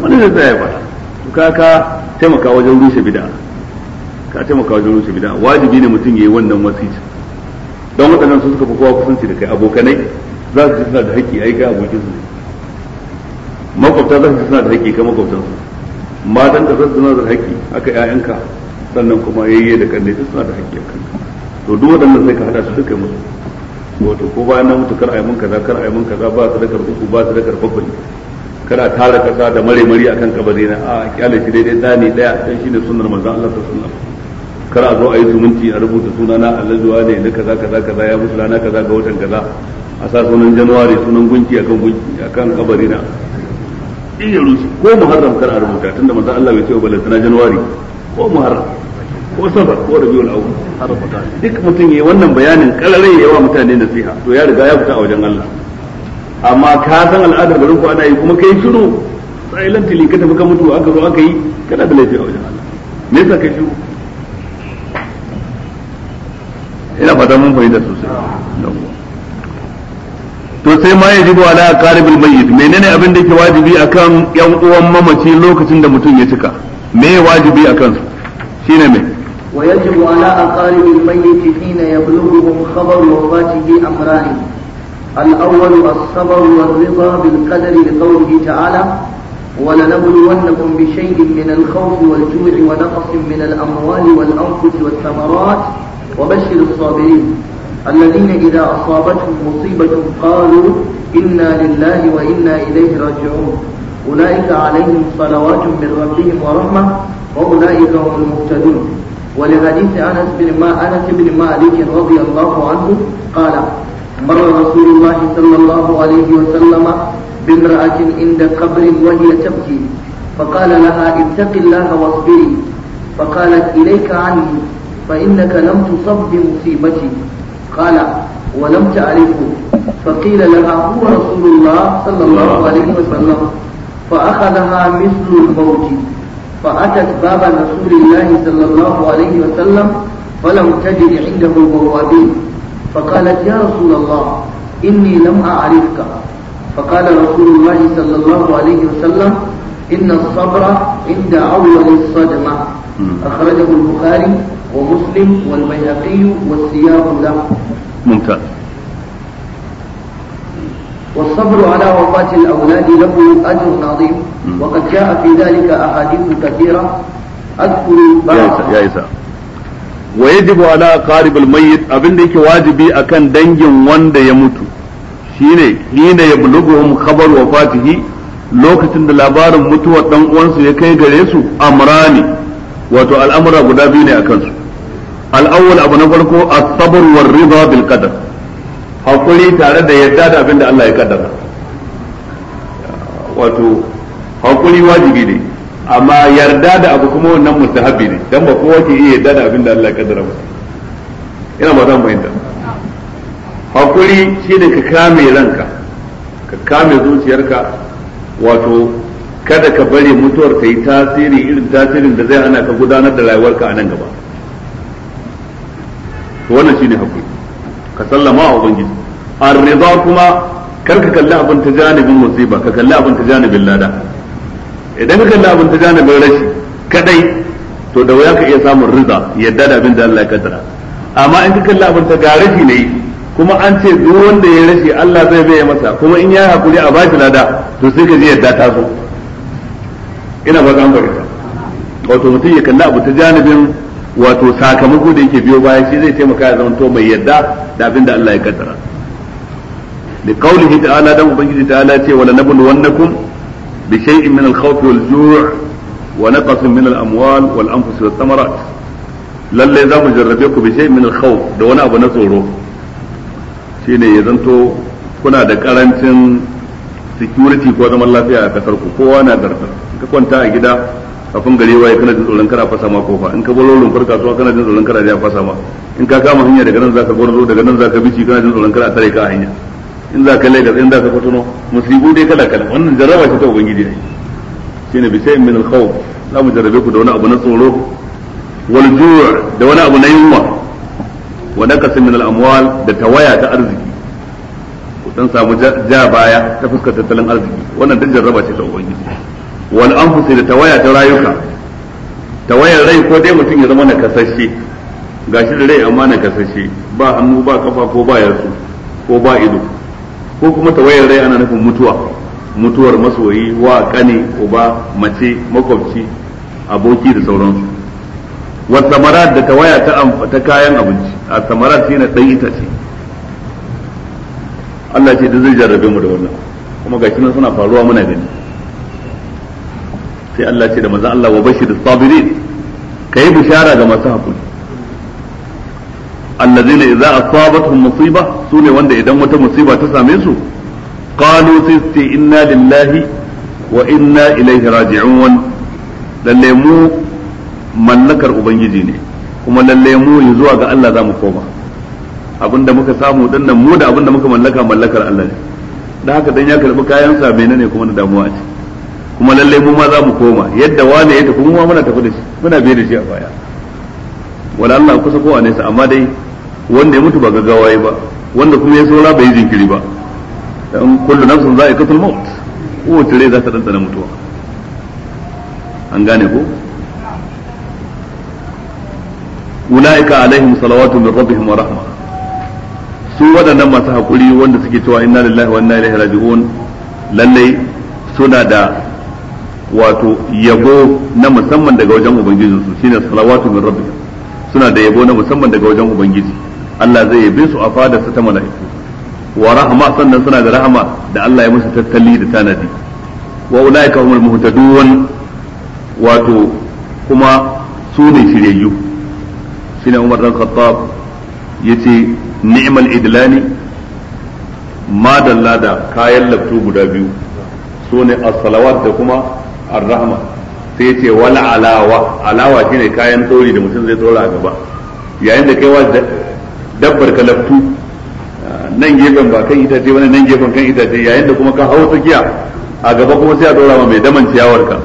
wani ne zai faɗa to ka ka taimaka wajen rushe bid'a ka taimaka wajen rushe bid'a wajibi ne mutum ya yi wannan wasici don waɗannan su suka fi kowa kusanci da kai abokanai za su ji suna da haƙƙi ai kai abokin su ne makwabta za su ji suna da haƙƙi kai makwabtansu matan zan suna da haƙƙi haka ƴaƴanka sannan kuma yayye da kanne duk suna da haƙƙi a kanka to duk waɗannan sai ka hada su yi musu wato ko bayan na mutu kar a yi mun kaza kar a yi mun kaza ba su da sadakar uku ba su da sadakar bakwai kada tara kasa da mare mari akan kabari na a kyale shi daidai dani daya dan shine sunnar manzon Allah sallallahu alaihi wasallam kar a zo a yi zumunci a rubuta sunana alajuwa ne na kaza kaza kaza ya musu rana kaza ga watan kaza a sa sunan januwari sunan gunki akan gunki akan kabari na sai ya rushe ko muharram kar a rubuta tunda manzo Allah bai ce ba lantana januwari ko muharram ko safar ko rabiul awwal duk mutum yayi wannan bayanin kalarai yawa mutane nasiha to ya riga ya fita a wajen Allah amma ka san al'adar garin ku ana yi kuma kai shiru sai lantili ka tafi ka mutu aka zo aka yi kana da laifi a wajen Allah me yasa kai shiru ina fata mun fahimta sosai to sai ma ya jibu ala qaribul mayyit menene abin da yake wajibi akan yan uwan mamaci lokacin da mutum ya cika me wajibi akan su shine me wa yajibu ala aqaribil mayyit hina yablughuhum khabaru wafatihi amrani al-awwal as-sabr wal-ridha bil qadari li qawlihi ta'ala ولنبلونكم بشيء من الخوف والجوع ونقص من الأموال والأنفس والثمرات وبشر الصابرين الذين إذا أصابتهم مصيبة قالوا إنا لله وإنا إليه راجعون أولئك عليهم صلوات من ربهم ورحمة وأولئك هم المهتدون ولحديث أنس بن ما أنس بن مالك رضي الله عنه قال مر رسول الله صلى الله عليه وسلم بامرأة عند قبر وهي تبكي فقال لها اتق الله واصبري فقالت إليك عني فإنك لم تصب بمصيبتي قال ولم تعرفه فقيل لها هو رسول الله صلى الله عليه وسلم فأخذها مثل الموت فأتت باب رسول الله صلى الله عليه وسلم فلم تجد عنده بوابين فقالت يا رسول الله إني لم أعرفك فقال رسول الله صلى الله عليه وسلم إن الصبر عند أول الصدمة أخرجه البخاري ومسلم والبيهقي والسياق له ممتاز والصبر على وفاة الأولاد له أجر عظيم وقد جاء في ذلك أحاديث كثيرة أذكر بعضها يا إسا ويجب على أقارب الميت أبن ديك واجبي أكن دنجن وند يموت shine hina ya buluguhum khabar wafatihi lokacin da labarin mutuwar dan uwansu ya kai gare su amrani wato al'amura guda biyu ne akan su al'awwal abu na farko a sabr riba bil qadar hakuri tare da yadda da abinda Allah ya kaddara wato hakuri wajibi ne amma yarda da abu kuma wannan mustahabi ne dan ba kowa ke iya yarda da abinda Allah ya kaddara ba ina ba zan haƙuri hakuri shine ka kame ranka ka kame zuciyarka wato kada ka bari mutuwar ta yi tasiri irin tasirin da zai ana ka gudanar da rayuwarka a nan gaba to wannan shine hakuri ka sallama a ubangiji ar-ridha kuma kar ka kalli abin ta janibin musiba ka kalli abin ta janibin lada idan ka kalli abin ta janibin rashi kadai to da waya ka iya samun riza yadda da abin da Allah ya kaddara amma in ka kalli abin ta garafi ne kuma an ce duk wanda ya rashi Allah zai bai masa kuma in ya hakuri a bashi lada to sai ka ji yadda ta so ina ba zan bari wato mutum ya kalli abu ta janibin wato sakamako da yake biyo baya shi zai taimaka ya zama to mai yadda da abin da Allah ya kaddara da kaulihi ta'ala dan ubangiji ta'ala ce wala nabnu wannakum bi shay'in min al-khawfi wal-ju' wa naqas min al-amwal wal-anfus wath-thamarat lalle za mu jarrabe ku bi shay'in min al-khawf da wani abu na tsoro shine ya zanto kuna da karancin security ko zaman lafiya a kasar ku kowa na darta ka kwanta a gida kafin gari waye kana jin tsoron kana fasa ma kofa in ka bar farka kasuwa kana jin tsoron kana ya fasa ma in ka kama hanya daga nan zaka gwarzo daga nan zaka bici kana jin tsoron kana tare ka hanya in zaka Lagos in zaka Kotono musibu dai kala kala wannan jarraba ce ta ubangiji ne shine bi sai min al-khawf za mu jarrabe ku da wani abu na tsoro wal ju' da wani abu na yunwa wa naqasin min al-amwal da tawaya ta arziki ku dan samu ja baya ta fuskar tattalin arziki wannan duk jarraba ce ta ubangiji wal anfus da tawaya ta rayuka tawayar rai ko dai mutum ya zama na kasashe gashi da rai amma na kasashe ba hannu ba kafa ko ba yatsu ko ba ido ko kuma tawayar rai ana nufin mutuwa mutuwar masoyi wa kane uba mace makwabci aboki da sauransu wa samarat da tawaya ta ta kayan abinci a samarat shine dan itace Allah ce da zai jarrabe mu da wannan kuma gashi nan suna faruwa muna gani sai Allah ce da manzon Allah wa bashir sabirin kai bishara ga masu hakuri allazina idza asabatuhum musiba sune wanda idan wata musiba ta same su qalu sai inna lillahi wa inna ilaihi raji'un lalle mu mallakar ubangiji ne kuma lalle mu zuwa ga Allah za mu koma abinda muka samu dinnan mu da abinda muka mallaka mallakar Allah ne dan haka dan ya karbi kayan sa menene kuma na damuwa ce kuma lalle mu ma za mu koma yadda wane ya tafi mu ma muna tafi da shi muna biye da shi a baya wala Allah kusa ko a nesa amma dai wanda ya mutu ba gaggawa ba wanda kuma ya saura bai jinkiri ba dan kullu nafsin za'iqatul maut kowace tare za ta danta mutuwa an gane ko ulaika alaihim salawatu min rabbihim wa rahma su waɗannan masu haƙuri wanda suke cewa inna lillahi wa inna ilaihi raji'un lalle suna da wato yabo na musamman daga wajen ubangiji su shine salawatu min rabbika suna da yabo na musamman daga wajen ubangiji Allah zai yabe su a fadar sa ta mala'iku wa rahama sannan suna da rahama da Allah ya musu tattali da tanadi wa ulaika humul muhtadun wato kuma su ne shiryayyu shine Umar dan Khattab yace ni'mal idlani madalla da kayan labtu guda biyu su ne as-salawat da kuma ar-rahma sai ce wal alawa alawa shine kayan dori da mutum zai dora a gaba yayin da kai wa dabbar ka nan gefen ba kan itace wani nan gefen kan itace yayin da kuma ka hau tsakiya a gaba kuma sai a dora ma mai daman ciyawar ka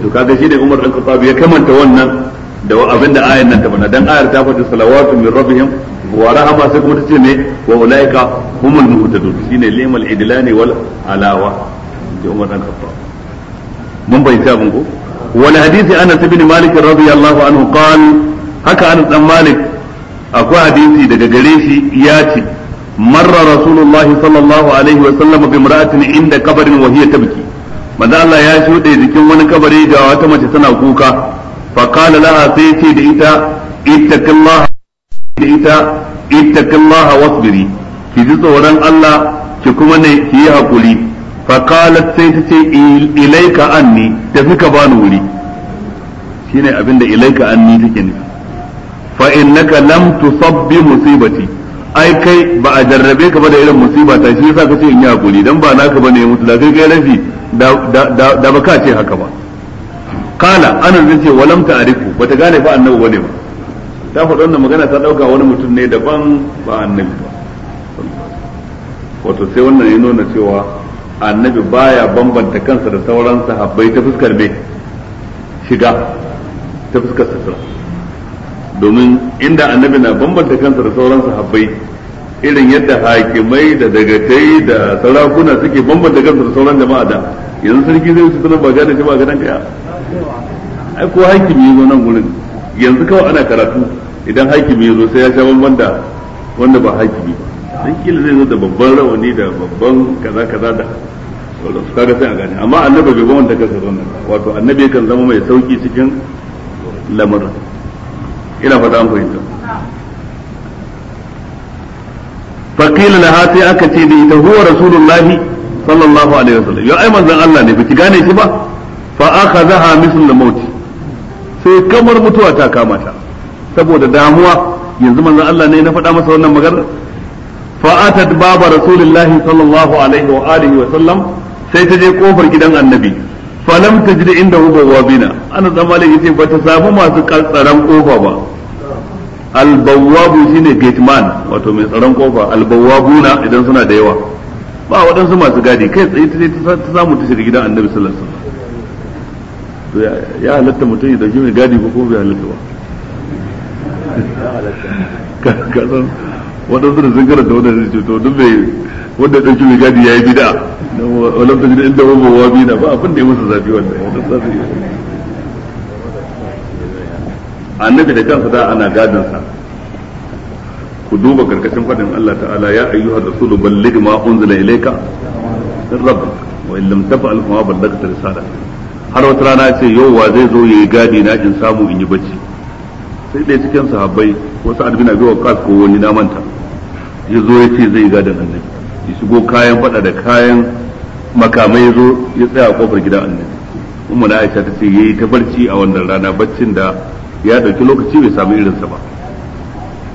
to kaga shi ne Umar dan Khattab ya kamanta wannan da abin da ayar nan ta bana dan ayar ta faɗi salawatu min rabbihim wa rahama sai kuma tace ne wa ulaika humul muhtadun shine limal idlani wal alawa da Umar dan Khattab mun bai ta bungo wani hadisi anas ibn malik radiyallahu anhu qal haka anas dan malik akwai hadisi daga gare shi ya ce marra rasulullahi sallallahu alaihi wa sallam bi imra'atin inda kabarin wa hiya tabki manzo Allah ya shuɗe jikin wani kabari ga wata mace tana kuka fa qala laha sai ce da ita ittaqillaha da ita ittaqillaha wasbiri ki ji tsoron Allah ki kuma ne ki yi hakuri faqalat sai ta ce ilaika anni tafi ka bani wuri shine abinda ilaika anni take ne. fa innaka lam tusabbi musibati ai kai ba a jarrabe ka ba da irin musiba ta shi yasa ce in yi hakuri dan ba naka bane ya mutu da kai kai rafi da da da baka ce haka ba kala anan zai ce walam ta'rifu bata gane ba annabi bane ba ta faɗa wannan magana ta dauka wani mutum ne daban ba annabi ba wato sai wannan ya nuna cewa annabi baya bambanta kansa da sauran sahabbai ta fuskar bai shiga ta fuskar sutura domin inda annabi na bambanta kansa da sauran sahabbai irin yadda hakimai da dagatai da sarakuna suke bambanta kansa da sauran jama'a da yanzu sarki zai su sunan ba gane shi ba gadan kaya ai ko hakimi yazo nan gurin yanzu kawai ana karatu idan hakimi yazo sai ya sha bambanta wanda ba hakimi ba dan kila zai zo da babban rawani da babban kaza kaza da su kaga sai a gane amma annabi bai ba wanda kansa zanna wato annabi kan zama mai sauki cikin lamarin ina fata an fahimta faqila laha sai aka ce da ita huwa rasulullahi sallallahu alaihi wasallam ya ai manzon Allah ne biki gane shi ba fa akhadha mithl al-maut sai kamar mutuwa ta kama ta saboda damuwa yanzu manzon Allah ne na faɗa masa wannan magana fa atat baba rasulullahi sallallahu alaihi wa alihi wa sallam sai ta je kofar gidan annabi fa lam tajid inda hu bawabina ana dan malik yace ba ta samu masu kofa ba al shine wato mai tsaron kofa al idan suna da yawa ba masu gadi kai tsaye ta samu ta shiga gidan waɗanda sun sun wanda waɗanda ce to duk mai wanda ɗauki mai gadi ya yi bida da ta jini inda wani bawa bida ba abin da ya musu zafi wanda ya za zafi a annabi da kansa da ana gadansa ku duba karkashin faɗin Allah ta'ala ya ayyuha rasulu balligh ma unzila ilayka min rabu wa illam taf'al alfama ma ballaghta risalata har wata rana ce yau wa zai zo yi gadi na in samu in yi bacci sai dai cikin sahabbai wasu albina biyu wa ko wani na manta ya zo ya ce zai gadon annabi ya shigo kayan fada da kayan makamai ya zo ya tsaya a kofar gidan annabi umma na aisha ta ce yayi ta barci a wannan rana baccin da ya dauki lokaci bai samu irinsa ba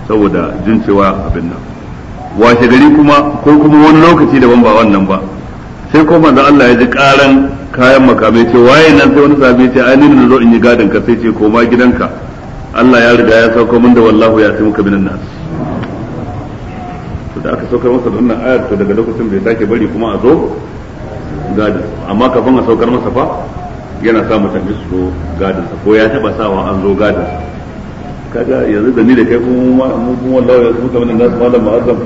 saboda jin cewa abin nan washe gari kuma ko kuma wani lokaci daban ba wannan ba sai ko manzo Allah ya ji karan kayan makamai ce waye nan sai wani sahabi ce ai zo in yi gadon ka sai ce koma gidanka Allah ya riga ya sauko min da wallahu ya muka binan nasu to da aka saukar masa da wannan ayar to daga lokacin bai sake bari kuma a zo gadin amma kafin a saukar masa fa yana sa mutum su zo gadin sa ko ya taba sawa an zo gadin sa kaga yanzu da ni da kai kuma mu mu wallahi yanzu muka da nasu malam ma'azzam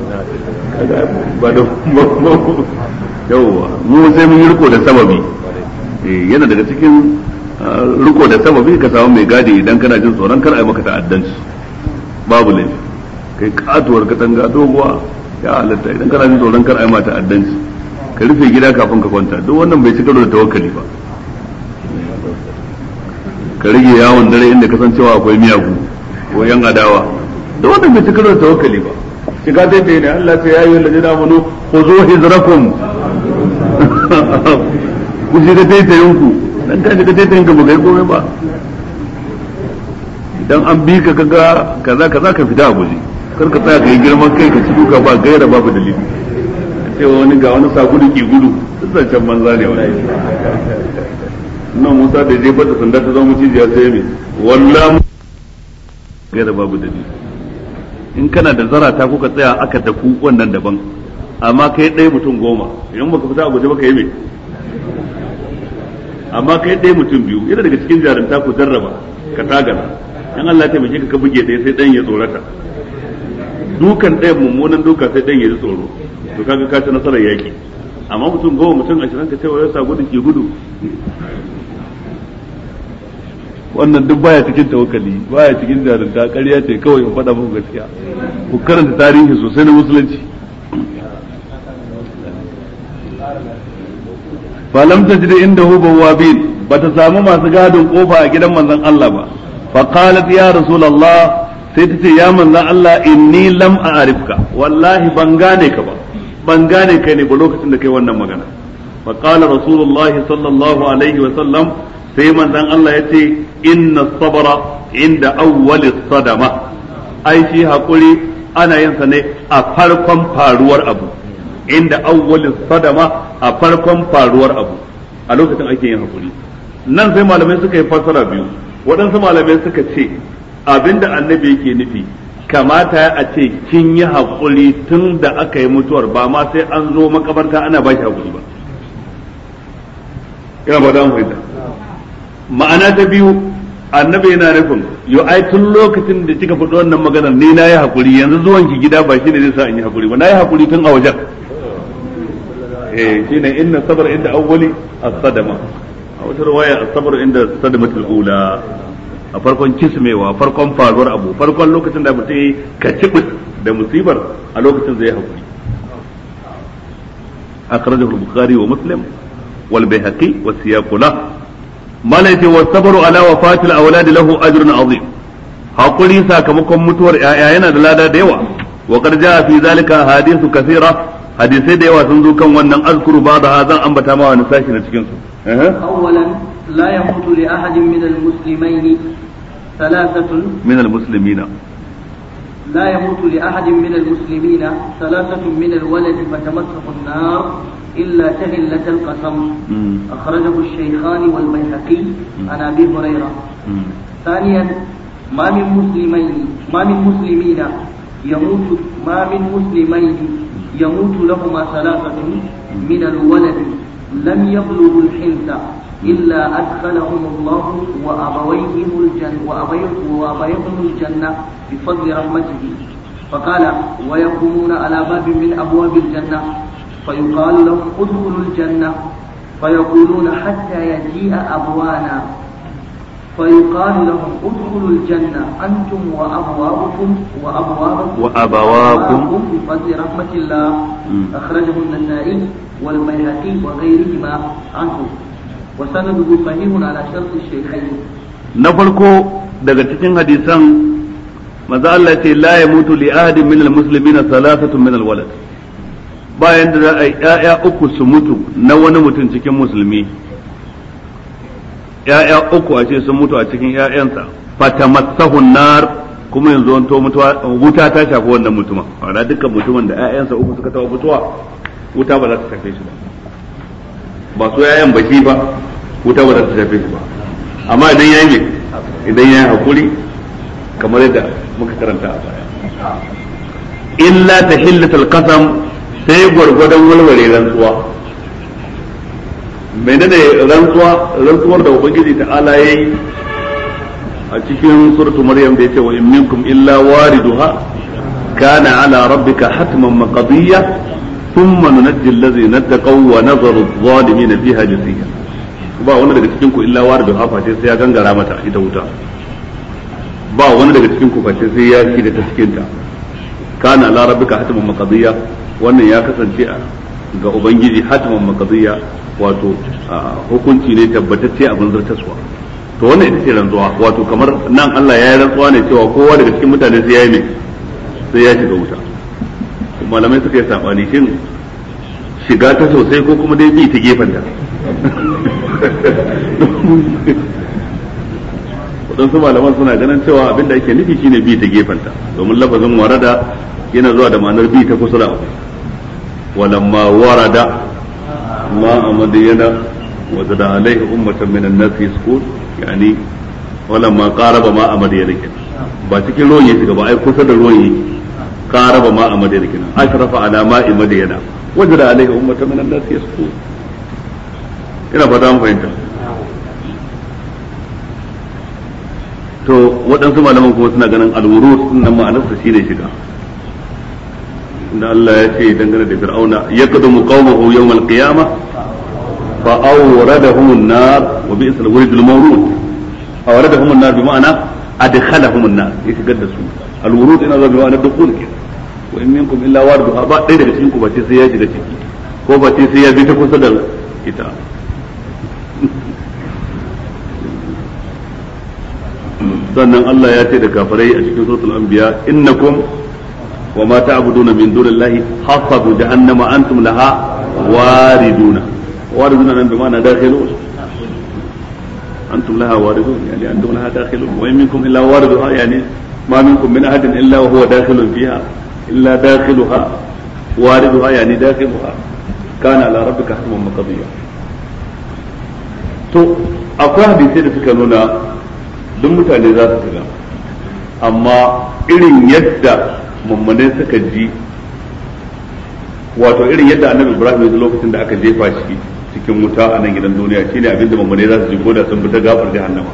kaga ba da yawa mu sai mun riko da sababi eh, yana daga cikin ah, riko da sababi ka samu mai gadi idan kana jin tsoron kar ai maka ta'addanci babu laifi kai katuwar katanga doguwa ya halatta idan kana jin tsoron kar ai mata addanci ka rufe gida kafin ka kwanta duk wannan bai ci karo da tawakkali ba ka rage yawon dare inda kasancewa akwai miyagu ko yan adawa duk wannan bai ci karo da tawakkali ba shiga daidai ne Allah ta yayi ladina amanu khuzu hizrakum ku shiga daidai ku dan ka shiga daidai ka bugai komai ba idan an bi ka kaga kaza kaza ka fita a guje kar ka tsaya ka yi girman kai ka ci duka ba gaira babu dalili sai wani ga wani sabu gudu ke gudu can banza ne wani nan musa da je fata sanda ta zama cijiya sai mai walla gaira babu dalili in kana da zarata kuka tsaya aka daku wannan daban amma kai ɗaya mutum goma yan baka fita abuja baka yi mai amma kai ɗaya mutum biyu yana daga cikin jarumta ku jarraba ka tagara in Allah ya taimake ka ka buge ɗaya sai ɗan ya tsorata dukan ɗayan mummunan duka sai ɗan ya ji tsoro to kaga ka ci nasarar yaki amma mutum goma mutum ashirin ka cewa yasa gudu ki gudu wannan duk baya cikin tawakkali baya cikin jarumta ƙarya ce kawai in faɗa muku gaskiya ku karanta tarihi sosai na musulunci falam tajid indahu bawabin bata samu masu gadin kofa a gidan manzon Allah ba faqalat ya rasulullah sai ta ce ya manzan Allah inni lam a'rifka wallahi ban gane ka ba ban gane kai ne ba lokacin da kai wannan magana fa qala rasulullahi sallallahu alaihi wa sallam sai manzan Allah yace inna sabra inda awwal sadama ai shi hakuri ana yin sa ne a farkon faruwar abu inda awwal sadama a farkon faruwar abu a lokacin ake yin hakuri nan sai malamai suka yi fassara biyu waɗansu malamai suka ce abinda annabi yake nufi kamata a ce kin yi haƙuri tun da aka yi mutuwar ba ma sai an zo makabarta ana ba shi haƙuri ba ina ba don fahimta ma'ana ta biyu annabi yana nufin yo ai tun lokacin da kika faɗi wannan maganar ni na yi haƙuri yanzu zuwan ki gida ba ne zai sa in yi haƙuri ba na yi haƙuri tun a wajen eh shi ne inna sabr inda awwali as-sadama a wata riwaya as-sabr inda sadamatul ula a farkon kismewa farkon faruwar abu farkon lokacin da mutum ya kacibus da musibar a lokacin zai haƙuri akhrajahu al-bukhari wa muslim wal bayhaqi wa siyaqu la malati wa sabru ala wafati al-awlad lahu ajrun azim haƙuri sakamakon mutuwar yaya yana da lada da yawa wa qad jaa fi zalika hadithu kathira hadisai da yawa sun zo kan wannan azkuru ba da zan ambata ma wani sashi na cikinsu. su awwalan لا يموت لأحد من المسلمين ثلاثة من المسلمين لا يموت لأحد من المسلمين ثلاثة من الولد فتمسه النار إلا تهلة القسم أخرجه الشيخان والبيهقي عن أبي هريرة ثانيا ما من مسلمين ما من مسلمين يموت ما من مسلمين يموت لهما ثلاثة من الولد لم يبلغوا الحنث إلا أدخلهم الله وأبويهم الجنة وأبويهم الجنة بفضل رحمته فقال ويقومون على باب من أبواب الجنة فيقال لهم ادخلوا الجنة فيقولون حتى يجيء أبوانا فيقال لهم ادخلوا الجنة أنتم وأبوابكم وأبوابكم وأبوابكم بفضل رحمة الله أخرجه النسائي والبيهقي وغيرهما عنه وسنده صحيح على شرط الشيخين نفرقو na farko daga cikin hadisan maza Allah ce la li ahadin min almuslimina salasatun min alwalad bayan da za a uku cikin musulmi uku a ce sun mutu cikin fatamassahun nar kuma yanzu an to mutuwa wuta ta shafi wannan mutuma dukkan mutumin da ya'yansa uku suka tawa mutuwa wuta ba za ta shafe shi ba ba su yayan ba shi ba wuta ba za ta shafe shi ba amma idan ya yi idan ya yi hakuri kamar yadda muka karanta a baya illa ta hillatul qasam sai gwargwadon walwale rantsuwa menene rantsuwa rantsuwar da ubangiji ta ala yayi a cikin suratu maryam da yace wa in minkum illa wariduha kana ala rabbika hatman maqdiya ثم ننجي الذي نتقوا ونظر الظالمين فيها dhalimin fiha jasiya ba wani daga cikin ku illa wara da hafa sai ya gangara mata ita wuta ba wani daga cikin ku face sai ya shiga ta cikin ta kana la rabbika hatman maqdiya wannan ya kasance ga ubangiji hatman maqdiya wato hukunci ne tabbatacce banzar taswa to wannan ita ce rantsuwa wato kamar nan Allah ya yi rantsuwa ne cewa kowa daga cikin mutane sai ya yi ne sai ya shiga wuta malamai suka yi sabani shin shiga ta sosai ko kuma dai bi ta gefen ta waɗansu malaman suna ganin cewa abin da ake nufi shine bi ta gefen ta domin lafazin warada yana zuwa da ma'anar bi ta kusura. abu walamma warada ma amadiyana alaihi ummatan min an-nas yaskun yani walamma qaraba ma أمر يلك ba cikin ruwan ya shiga ba ai kusa da ruwan yake qaraba ma a madina kina ashrafa ala ma'i madina wajada alaihi ummatan min an-nas yasqu fata to waɗansu malaman kuma suna ganin alwurus shine shiga inda Allah ya ce dangane da fir'auna qaumahu qiyamah fa awradahum an-nar wa bi'sa al al-mawrud awradahum an-nar bi ma'ana adkhalahum an-nar ina zuwa bi ma'ana dukhul wa in minkum illa warduha ba ɗaya daga cikin ku ba sai ya shiga ciki ko ba sai ya bi ta kusa da ita sannan Allah ya ce da kafirai a cikin suratul anbiya innakum wa ma ta'buduna min dunillahi hasabu jahannama antum laha wariduna wariduna nan bi ma'ana laha أنتم لها واردون يعني أنتم لها داخلون وإن منكم إلا واردها يعني ما منكم من أحد إلا وهو داخل فيها illa dakhiluha wariduha yani dakhiluha kana ala rabbika hatman maqdiya to akwai hadisai da suka nuna duk mutane za su shiga amma irin yadda mummune suka ji wato irin yadda annabi ibrahim ya lokacin da aka jefa shi cikin wuta a nan gidan duniya shine abin da mummune za su ji ko da sun bi ta gafar jahannama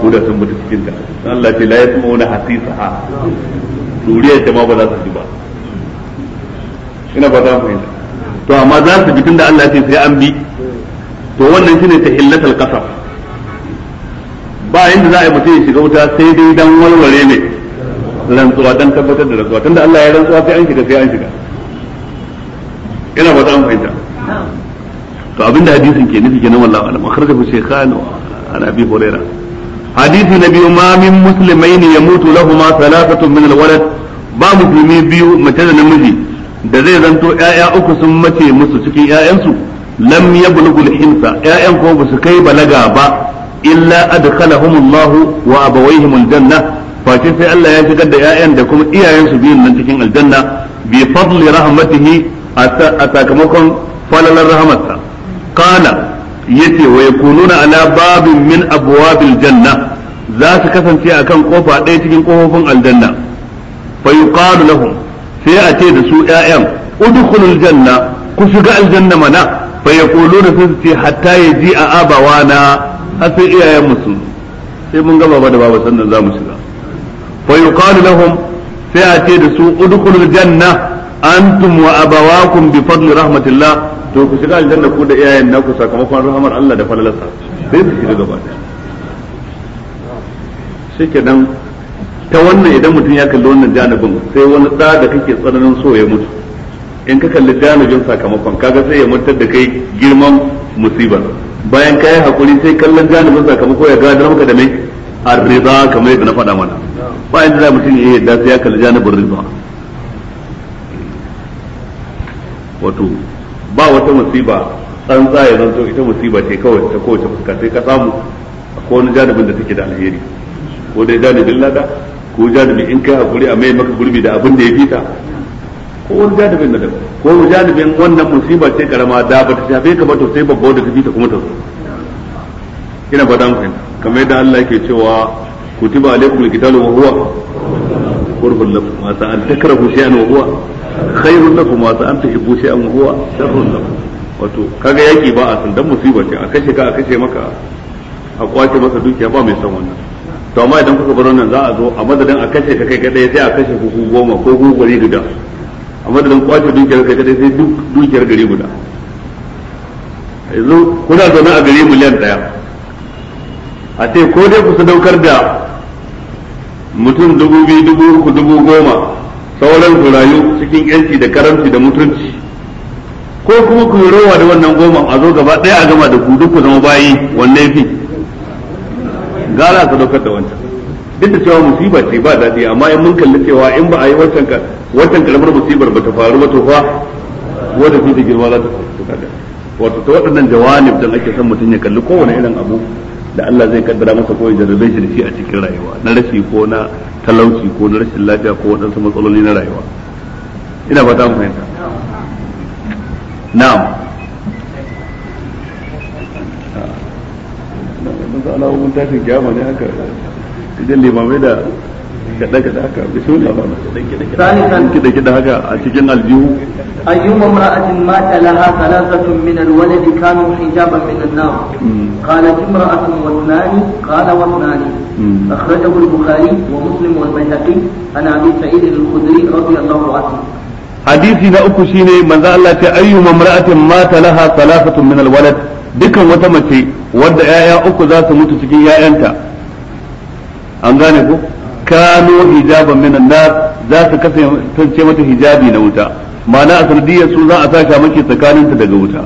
ko da sun bi ta cikin ta Allah ce la yasma'una hasisaha duriyar ta ma ba za su ji ba ina ba za mu fahimta to amma za su ji tunda Allah ya sai an bi to wannan shine ta illatul qasam ba yanda za a yi mutum ya shiga wuta sai dai dan walwale ne rantsuwa dan tabbatar da rantsuwa tunda Allah ya rantsuwa sai an shiga sai an shiga ina ba za mu fahimta to abinda hadisin ke nufi kenan wallahi alam akhrajahu shaykhan an abi hurairah hadisi na biyu mamin musulmai ne ya mutu lahuma thalathatun min alwalad ba musulmi biyu mace da namiji da zai zanto ƴaƴa uku sun mace musu cikin ƴaƴansu lam yablughu alhimsa ƴaƴan ko ba su kai balaga ba illa adkhalahumullahu wa abawayhim aljanna face sai Allah ya shigar da ƴaƴan da kuma iyayensu biyun nan cikin aljanna bi fadli rahmatihi a sakamakon falalar rahmatsa qala yace wa yakununa ala babin min abwabil janna za su kasance akan kofa ɗaya cikin kofofin aljanna fa yuqalu lahum sai a ce da su ƴaƴan udkhulul janna ku shiga aljanna mana fa yaquluna sai su ce hatta yaji a abawana har sai iyayen musu sai mun gaba ba da baba sannan za mu shiga fa yuqalu lahum sai a ce da su udkhulul janna antum wa abawakum bi fadli rahmatillah to ku shiga aljanna ku da iyayen naku sakamakon rahmar Allah da falalarsa sai su shiga gaba ɗaya shikenan ta wannan idan mutum ya kalli wannan janibin sai wani da da kake tsananin so ya mutu in ka kalli janibin sakamakon kaga sai ya mutar da kai girman musibar bayan ka yi hakuri sai kallon janibin sakamako ya gadar maka da mai arriba kamar yadda na faɗa mana bayan da mutum ya yi yadda sai ya kalli janibin riba wato ba wata musiba san ya zanto ita musiba ce kawai ta kowace fuska sai ka samu ko wani janibin da take da alheri ko dai janibin lada ko janibin in kai hakuri a mai maka gurbi da abin da ya fita ko wani janibin da ko wani janibin wannan musiba ce karama da ba ta shafe ka ba to sai babba da ta fita kuma ta zo ina ba dan fahimta kamar yadda Allah yake cewa kutiba alaikumul qitalu wa huwa kurhun lakum wa sa an takrahu shay'an wa huwa khairun lakum wa sa an tuhibbu shay'an wa huwa sharrun lakum wato kaga yaki ba a san dan musiba ce a kashe ka a kashe maka a kwace maka dukiya ba mai san wannan to amma idan kuka bar wannan za a zo a madadin a kashe ka kai kadai sai a kashe ku goma ko ku gari guda a madadin kwace dukiyar kai kadai sai dukiyar gari guda yanzu kuna zaune a gari miliyan daya a ce ko dai ku daukar da mutum dubu biyu dubu uku dubu goma sauran su rayu cikin yanci da karamci da mutunci ko kuma ku rawa da wannan goma a zo gaba ɗaya a gama da ku duk ku zama bayi wannan fi gala ka daukar da wancan duk da cewa musiba ce ba daɗi amma in mun kalli cewa in ba a yi wancan wancan kalmar musibar ba ta faru ba to fa wadda su da girma za ta faru wato ta waɗannan jawanib don ake son mutum ya kalli kowane irin abu da Allah zai kaddara masa ko ya jarrabe shi da shi a cikin rayuwa na rashi ko na talauci ko na rashin lafiya ko waɗansu matsaloli na rayuwa ina ta mu fahimta na'am ne haka idan limamai da kaɗan kaɗan haka bi sun ba ma salisan kida kida haka a cikin aljihu ayyuma mar'atin mata laha thalathatun min alwalad kanu hijaban min an-nar qala imra'atun wa thani qala wa thani akhrajahu al-bukhari wa muslim wa al-baihaqi an abi sa'id al-khudri radiyallahu anhu hadisi na uku shine manzo Allah ce ayyuma mar'atin mata laha thalathatun min alwalad dukan wata mace wadda 'ya'ya uku za mutu cikin 'ya'yanta an gane ko kano hijaban minan nar za su kasance mata hijabi na wuta ma'ana a sanadiyar su za a sa shamaki tsakaninta daga wuta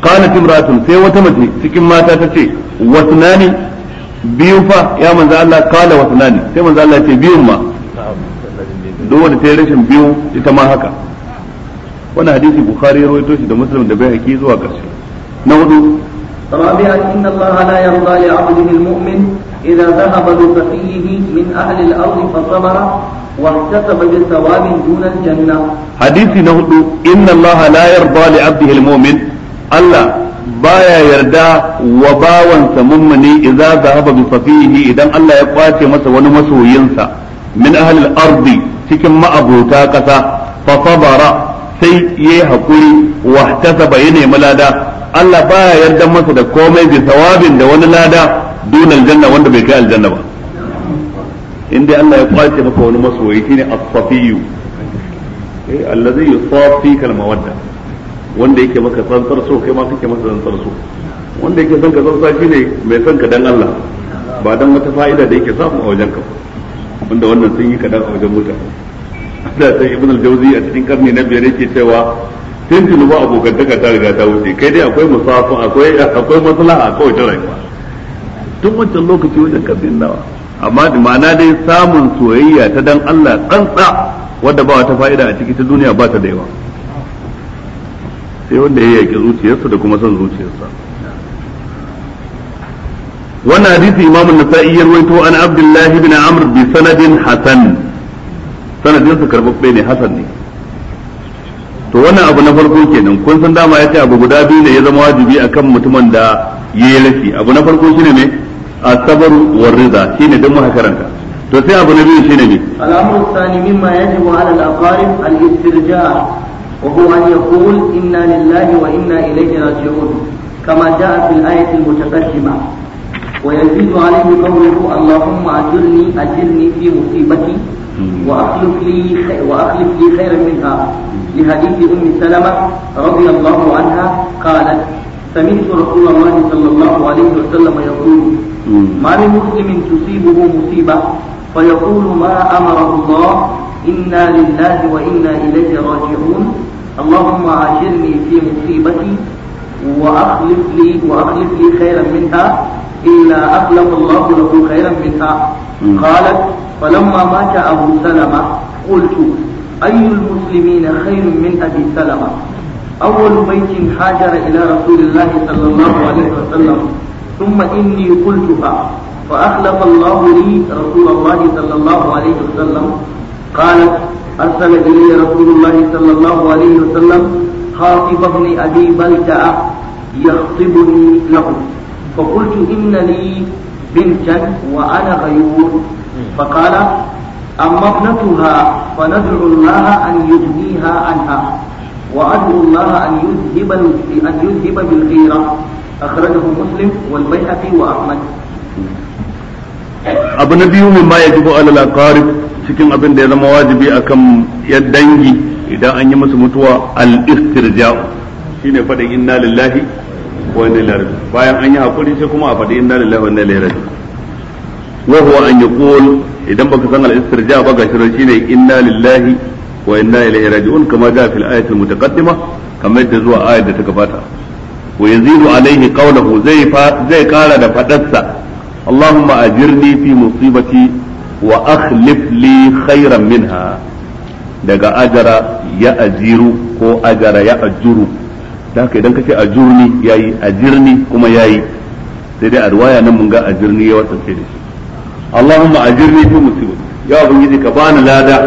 qalat imra'atun sai wata mace cikin mata ta ce wasnani biyu fa ya manzo Allah qala wasnani sai manzo Allah ce biyun ma duk wanda ta yi rashin biyu ita ma haka wannan hadisi bukhari ya rawaito shi da muslim da bai baihaqi zuwa karshe. na hudu رابعا إن الله لا يرضى لعبده المؤمن إذا ذهب بفقيه من أهل الأرض فصبر واحتسب بثواب دون الجنة حديث نهض إن الله لا يرضى لعبده المؤمن الله baya yarda wa bawansa mummuni idza zahaba bi safihi idan Allah ya kwace masa wani masoyinsa min ahli al-ardi cikin ma'abuta kasa fa sabara sai yayi hakuri wa ihtasaba yana lada, Allah baya yarda masa da komai bi thawabin da wani lada دون الجنة wanda bai kai aljanna ba in dai Allah ya kwace maka wani يصاب shine المودة safiyu يكي مكا yusafi kal mawadda wanda yake maka tsantsar so kai ma kake masa tsantsar so wanda yake son ka tsantsa shine mai son ka dan Allah ba dan da samu a wajen wanda wannan sun yi a wajen da sai ibn al-jawzi a cikin karni na biyar yake cewa tuntun ba abokantaka ta riga ta wuce kai dai akwai musafa akwai akwai maslaha kawai ta rayuwa tun wancan lokaci wajen karfin nawa amma da ma'ana dai samun soyayya ta dan Allah tsantsa wadda ba wata fa'ida a ciki ta duniya ba ta da yawa sai wanda ya yaƙi zuciyarsa da kuma son zuciyarsa wannan hadisi imamu nasa'i ya rawaito an Abdullahi bin amr bi sanadin hasan sanadin sa karbabbe ne hasan ne to wannan abu na farko kenan kun san dama yace abu guda biyu ne ya zama wajibi akan mutumin da yayi laifi abu na farko shine ne asabar warrida shine duk muka karanta to sai abu na biyu shine ne al'amru thani mimma yajibu ala al-aqarib al-istirja' wa huwa an yaqul inna lillahi wa inna ilayhi raji'un kama jaa fil ayati al-mutaqaddima wa yazidu alayhi qawluhu allahumma ajirni ajirni fi musibati لي وأخلف لي خيرا منها لحديث أم سلمة رضي الله عنها قالت سمعت رسول الله صلى الله عليه وسلم يقول ما من مسلم تصيبه مصيبة فيقول ما أمره الله إنا لله وإنا إليه راجعون اللهم عاشرني في مصيبتي وأخلف لي وأخلف لي خيرا منها إلا أخلف الله له خيرا منها قالت فلما مات أبو سلمة قلت أي المسلمين خير من أبي سلمة أول بيت هاجر إلى رسول الله صلى الله عليه وسلم ثم إني قلتها فأخلف الله لي رسول الله صلى الله عليه وسلم قالت أرسل إلي رسول الله صلى الله عليه وسلم خاطب ابن أبي بلتعة يخطبني له فقلت إن لي بنتا وأنا غيور فقال أما ابنتها فندعو الله أن يغنيها عنها وأدعو الله أن يذهب أن يذهب بالغيرة أخرجه مسلم والبيهقي وأحمد abu na biyu min ma ya jibo alal aqarib cikin abin da ya zama wajibi akan ya dangi idan an yi masa mutuwa al istirja'u shine fadin inna lillahi wa inna ilaihi raji'un bayan an yi hakuri sai kuma a fadi inna lillahi wa inna ilaihi raji'un wa huwa an yaqul idan baka san al istirja' ba gashi shine inna lillahi wa inna ilaihi raji'un kama da fil ayati al mutaqaddima kamar yadda zuwa ayat da ta gabata wa alaihi qawluhu zai zai kara da fadarsa Allahumma ajirni fi musibati wa akhlif li khairan minha daga ajara ya ajiru ko ajara ya ajuru da haka idan kace ajurni sai dai a riwaya nan mun ga ajirni ya wasance da shi Allahumma ajirni fi musibati ya ubangiji ka bani lada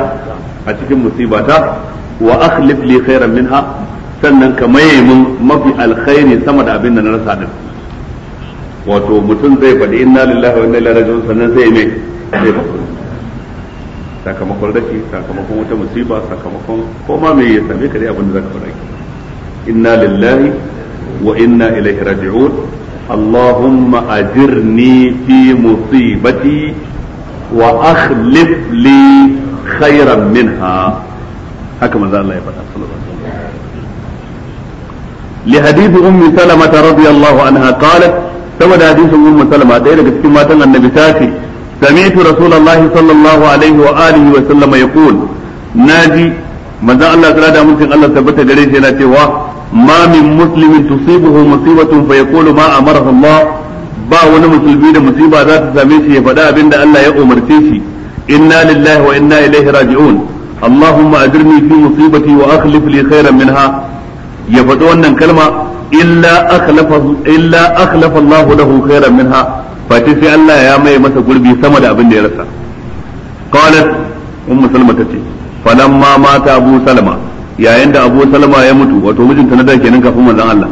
a cikin musibata wa akhlif li khairan minha sannan ka maye mun mafi alkhairi sama da abin da na rasa din wato mutum zai faɗi inna lillahi wa inna ilaihi raji'un sannan sai mai zai ba sakamakon rashi sakamakon wata musiba sakamakon ko ma me ya same ka dai abin da zaka faɗa inna lillahi wa inna ilaihi raji'un اللهم أجرني في مصيبتي وأخلف لي خيرا منها هكذا الله يبارك صلى الله عليه وسلم li hadith ummi salama radiyallahu anha qalat saboda hadisin ummu salama ɗaya daga cikin matan annabi ta ce sami'tu rasulullahi sallallahu alaihi wa alihi wa sallama yaqul naji manzo Allah ta da mutum Allah tabbata gare shi yana cewa ma min muslimin tusibuhu musibatun fa ma amara ba wani musulmi da musiba za ta same shi ya abin abinda Allah ya umarce shi inna lillahi wa inna ilaihi raji'un اللهم fi في wa وأخلف li خيرا minha ya faɗi wannan kalma illa akhlafa Allah lahu khairan minha fati sai Allah ya mai masa gurbi sama da abin da ya rasa qalat ummu salma tace falamma mata abu salma yayin da abu salma ya mutu wato mijinta na da kenan kafin manzon Allah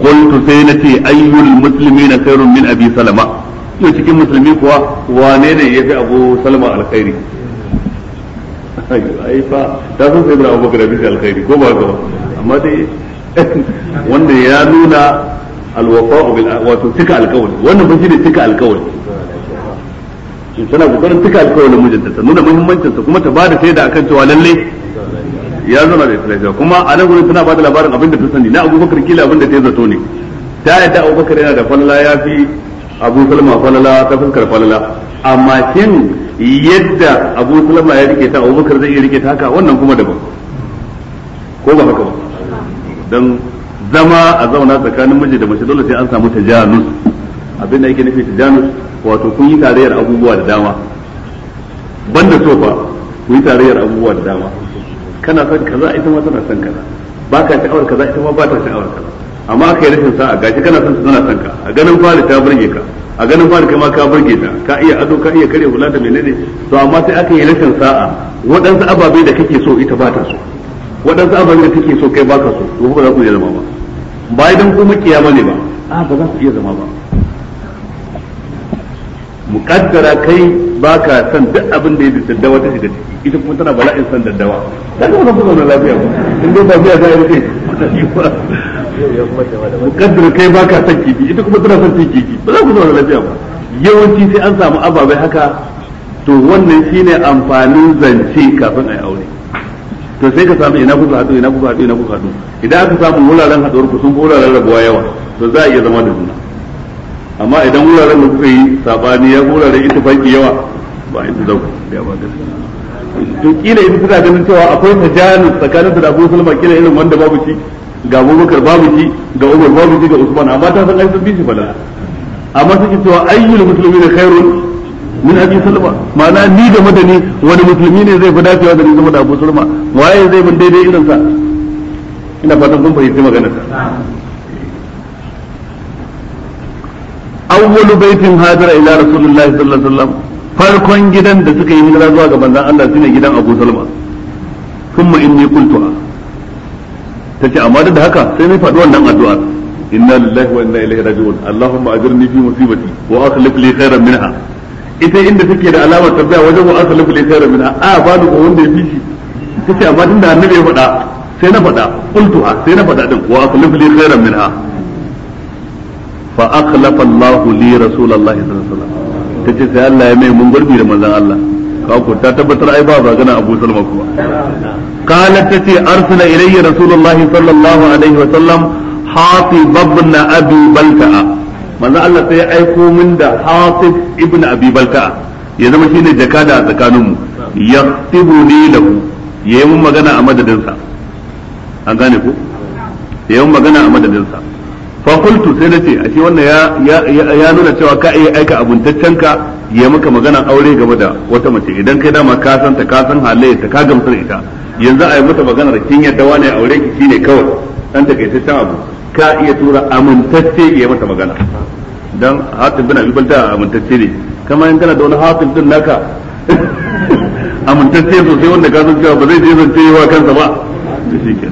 qultu sai nace ayyul muslimina khairun min abi salma yo cikin musulmi kuwa wane ne yafi abu salma alkhairi ai fa ta san sai da abu bakar alkhairi ko ba haka amma dai wanda ya nuna alwafa bil wato tuka alkawari wannan ba shine cika alkawari tana kokarin tuka alkawarin mijinta ta nuna muhimmancinsa kuma ta bada da akan cewa lalle ya zama da ita kuma a nan gurin tana bada labarin abin da ta sani na abubakar kila abin da ta zato ne ta yadda abubakar yana da falala ya fi abu salma falala ta fuskar falala amma kin yadda abu salma ya rike ta abubakar zai iya rike ta haka wannan kuma daban ko ba haka ba dan zama a zauna tsakanin miji da mace dole sai an samu tajanus abin da yake nufi tajanus wato kun yi tarayyar abubuwa da dama ban da tofa kun yi tarayyar abubuwa da dama kana son kaza ita ma tana son kaza ka sha'awar kaza ita ma ba ta sha'awar kaza amma yi rashin sa'a gashi kana son tana son ka a ganin fari ta burge ka a ganin fari kai ma ka burge ta ka iya ado ka iya kare hula da menene to amma sai aka yi rashin sa'a waɗansu ababe da kake so ita ba ta so waɗansu abin da kake so kai baka so to ba za ku iya zama ba ba idan ku kiyama ne ba a ba za ku iya zama ba muƙaddara kai baka san duk abin da ya dawa ta shiga ciki ita kuma tana bala'in san daddawa dan ba za ku zauna lafiya ba in dai ba biya za a rufe muƙaddara kai baka san kifi ita kuma tana san kifi ba za ku zauna lafiya ba yawanci sai an samu ababai haka to wannan shine amfanin zance kafin a yi aure to sai ka samu ina kuka hadu ina kuka hadu ina kuka hadu idan aka samu wuraren haduwar ku sun fi wuraren rabuwa yawa to za a iya zama da juna amma idan wuraren da kuka yi sabani ya wuraren fanki yawa ba inda zauka da yawa da to kila idan kuka ganin cewa akwai majalis tsakanin da Abu Sulma kila irin wanda babu shi ga Abubakar babu shi ga Umar babu shi ga Usman amma ta san ai sun bi shi bala amma suke cewa ayyul muslimina khairun min abi salma ma'ana ni da madani wani musulmi ne zai fi dacewa da ni zama da abu salma waye zai bin daidai irin sa ina fatan kun fahimci maganar awwal baitin hajara ila rasulullahi sallallahu alaihi wasallam farkon gidan da suka yi hijira zuwa ga manzon Allah shine gidan Abu Salma kuma in inni a tace amma duk da haka sai mai faɗi wannan addu'a inna lillahi wa inna ilaihi raji'un allahumma ajirni fi musibati wa akhlif li khairan minha ita inda take da alamar tabbaya wajen wa asalafu li khairin minha a ba ni ko wanda ya fi shi tace amma tunda annabi ya faɗa sai na faɗa qultuha sai na faɗa ɗin wa asalafu li khairin minha fa akhlafa Allahu li rasulullahi sallallahu alaihi wasallam tace sai Allah ya mai mun gurbi da manzon Allah ka ko ta tabbatar ai ba bagana Abu Salma kuma qalat tace arsala ilayya rasulullahi sallallahu alaihi wasallam hafiz ibn abi balta'a manzo Allah sai ya aiko min da Hafiz ibn Abi Balta'a ya zama shine jakada a tsakaninmu yaktibu ni lahu yayi mun magana a madadin sa an gane ko yayin magana a madadin sa fa qultu sai nace ashe wannan ya ya nuna cewa ka iya aika abuntaccen ka yayin maka magana aure game da wata mace idan kai dama ka san ta ka san ta ka gamsar ita yanzu a yi mata maganar kin yadda wani aure ki shine kawai dan takaitaccen abu ka iya tura amintacce ya mata magana dan hatim bin abubal da amintacce ne kamar yin kana da wani hatim din naka amintacce sosai wanda ka san cewa ba zai je ce wa kansa ba da shi ke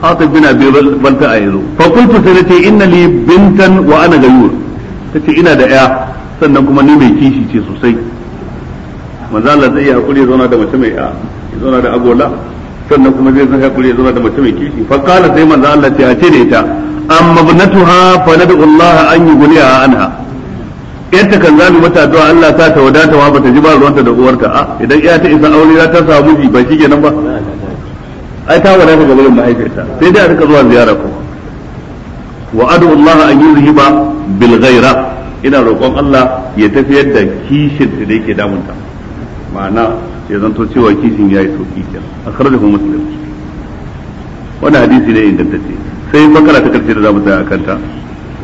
hatim bin abubal balta a yanzu fakultu sai ce ina li bintan wa ana gayur ce ina da ya sannan kuma ni mai kishi ce sosai manzo Allah zai yi hakuri zauna da mace mai ya zauna da agola sannan kuma zai san hakuri ya zauna da mace mai kishi fa qala sai manzo Allah ta ce da ita amma bunatuha fa nad'u Allah an yughniha anha yadda kan za mu mata addu'a Allah ta ta wadata wa bata ji ba ruwanta da uwarta a idan iya ta isa aure za ta samu miji ba shikenan ba ai ta wadata ga gurin mahaifiyarta sai dai a rika zuwa ziyara ko wa adu Allah an yuzhiba bil ghaira ina roƙon Allah ya tafi yadda kishin da yake damunta ma'ana ya zanto cewa kishin ya yi sauki ke akhrajahu muslim wani hadisi ne ingantacce sai bakara ta karshe da zamu tsaya akan ta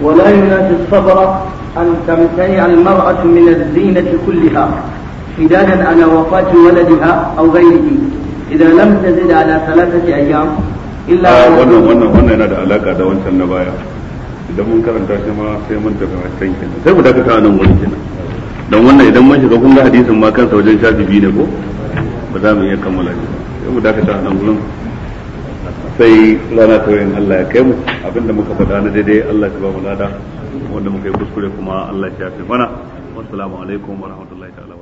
wala yunati sabra an tamtani al mar'atu min az-zinati kulliha fidadan ala wafati waladiha aw ghayrihi idan lam tazid ala thalathati ayyam illa ah, wannan wannan wannan yana da alaka da wancan na baya idan mun karanta shi ma sai mun tafi kan kenan sai mu dakata nan wurin kenan don wannan idan mun shiga kunga ga hadisin ma kansa wajen shafi biyu ne ko ba za mu iya kammala shi sai mu dakata a nan gurin sai rana ta yin Allah ya kai mu abinda muka faɗa na daidai Allah ya ba mu lada wanda muka yi kuskure kuma Allah ya shafe mana wassalamu alaikum wa rahmatullahi ta'ala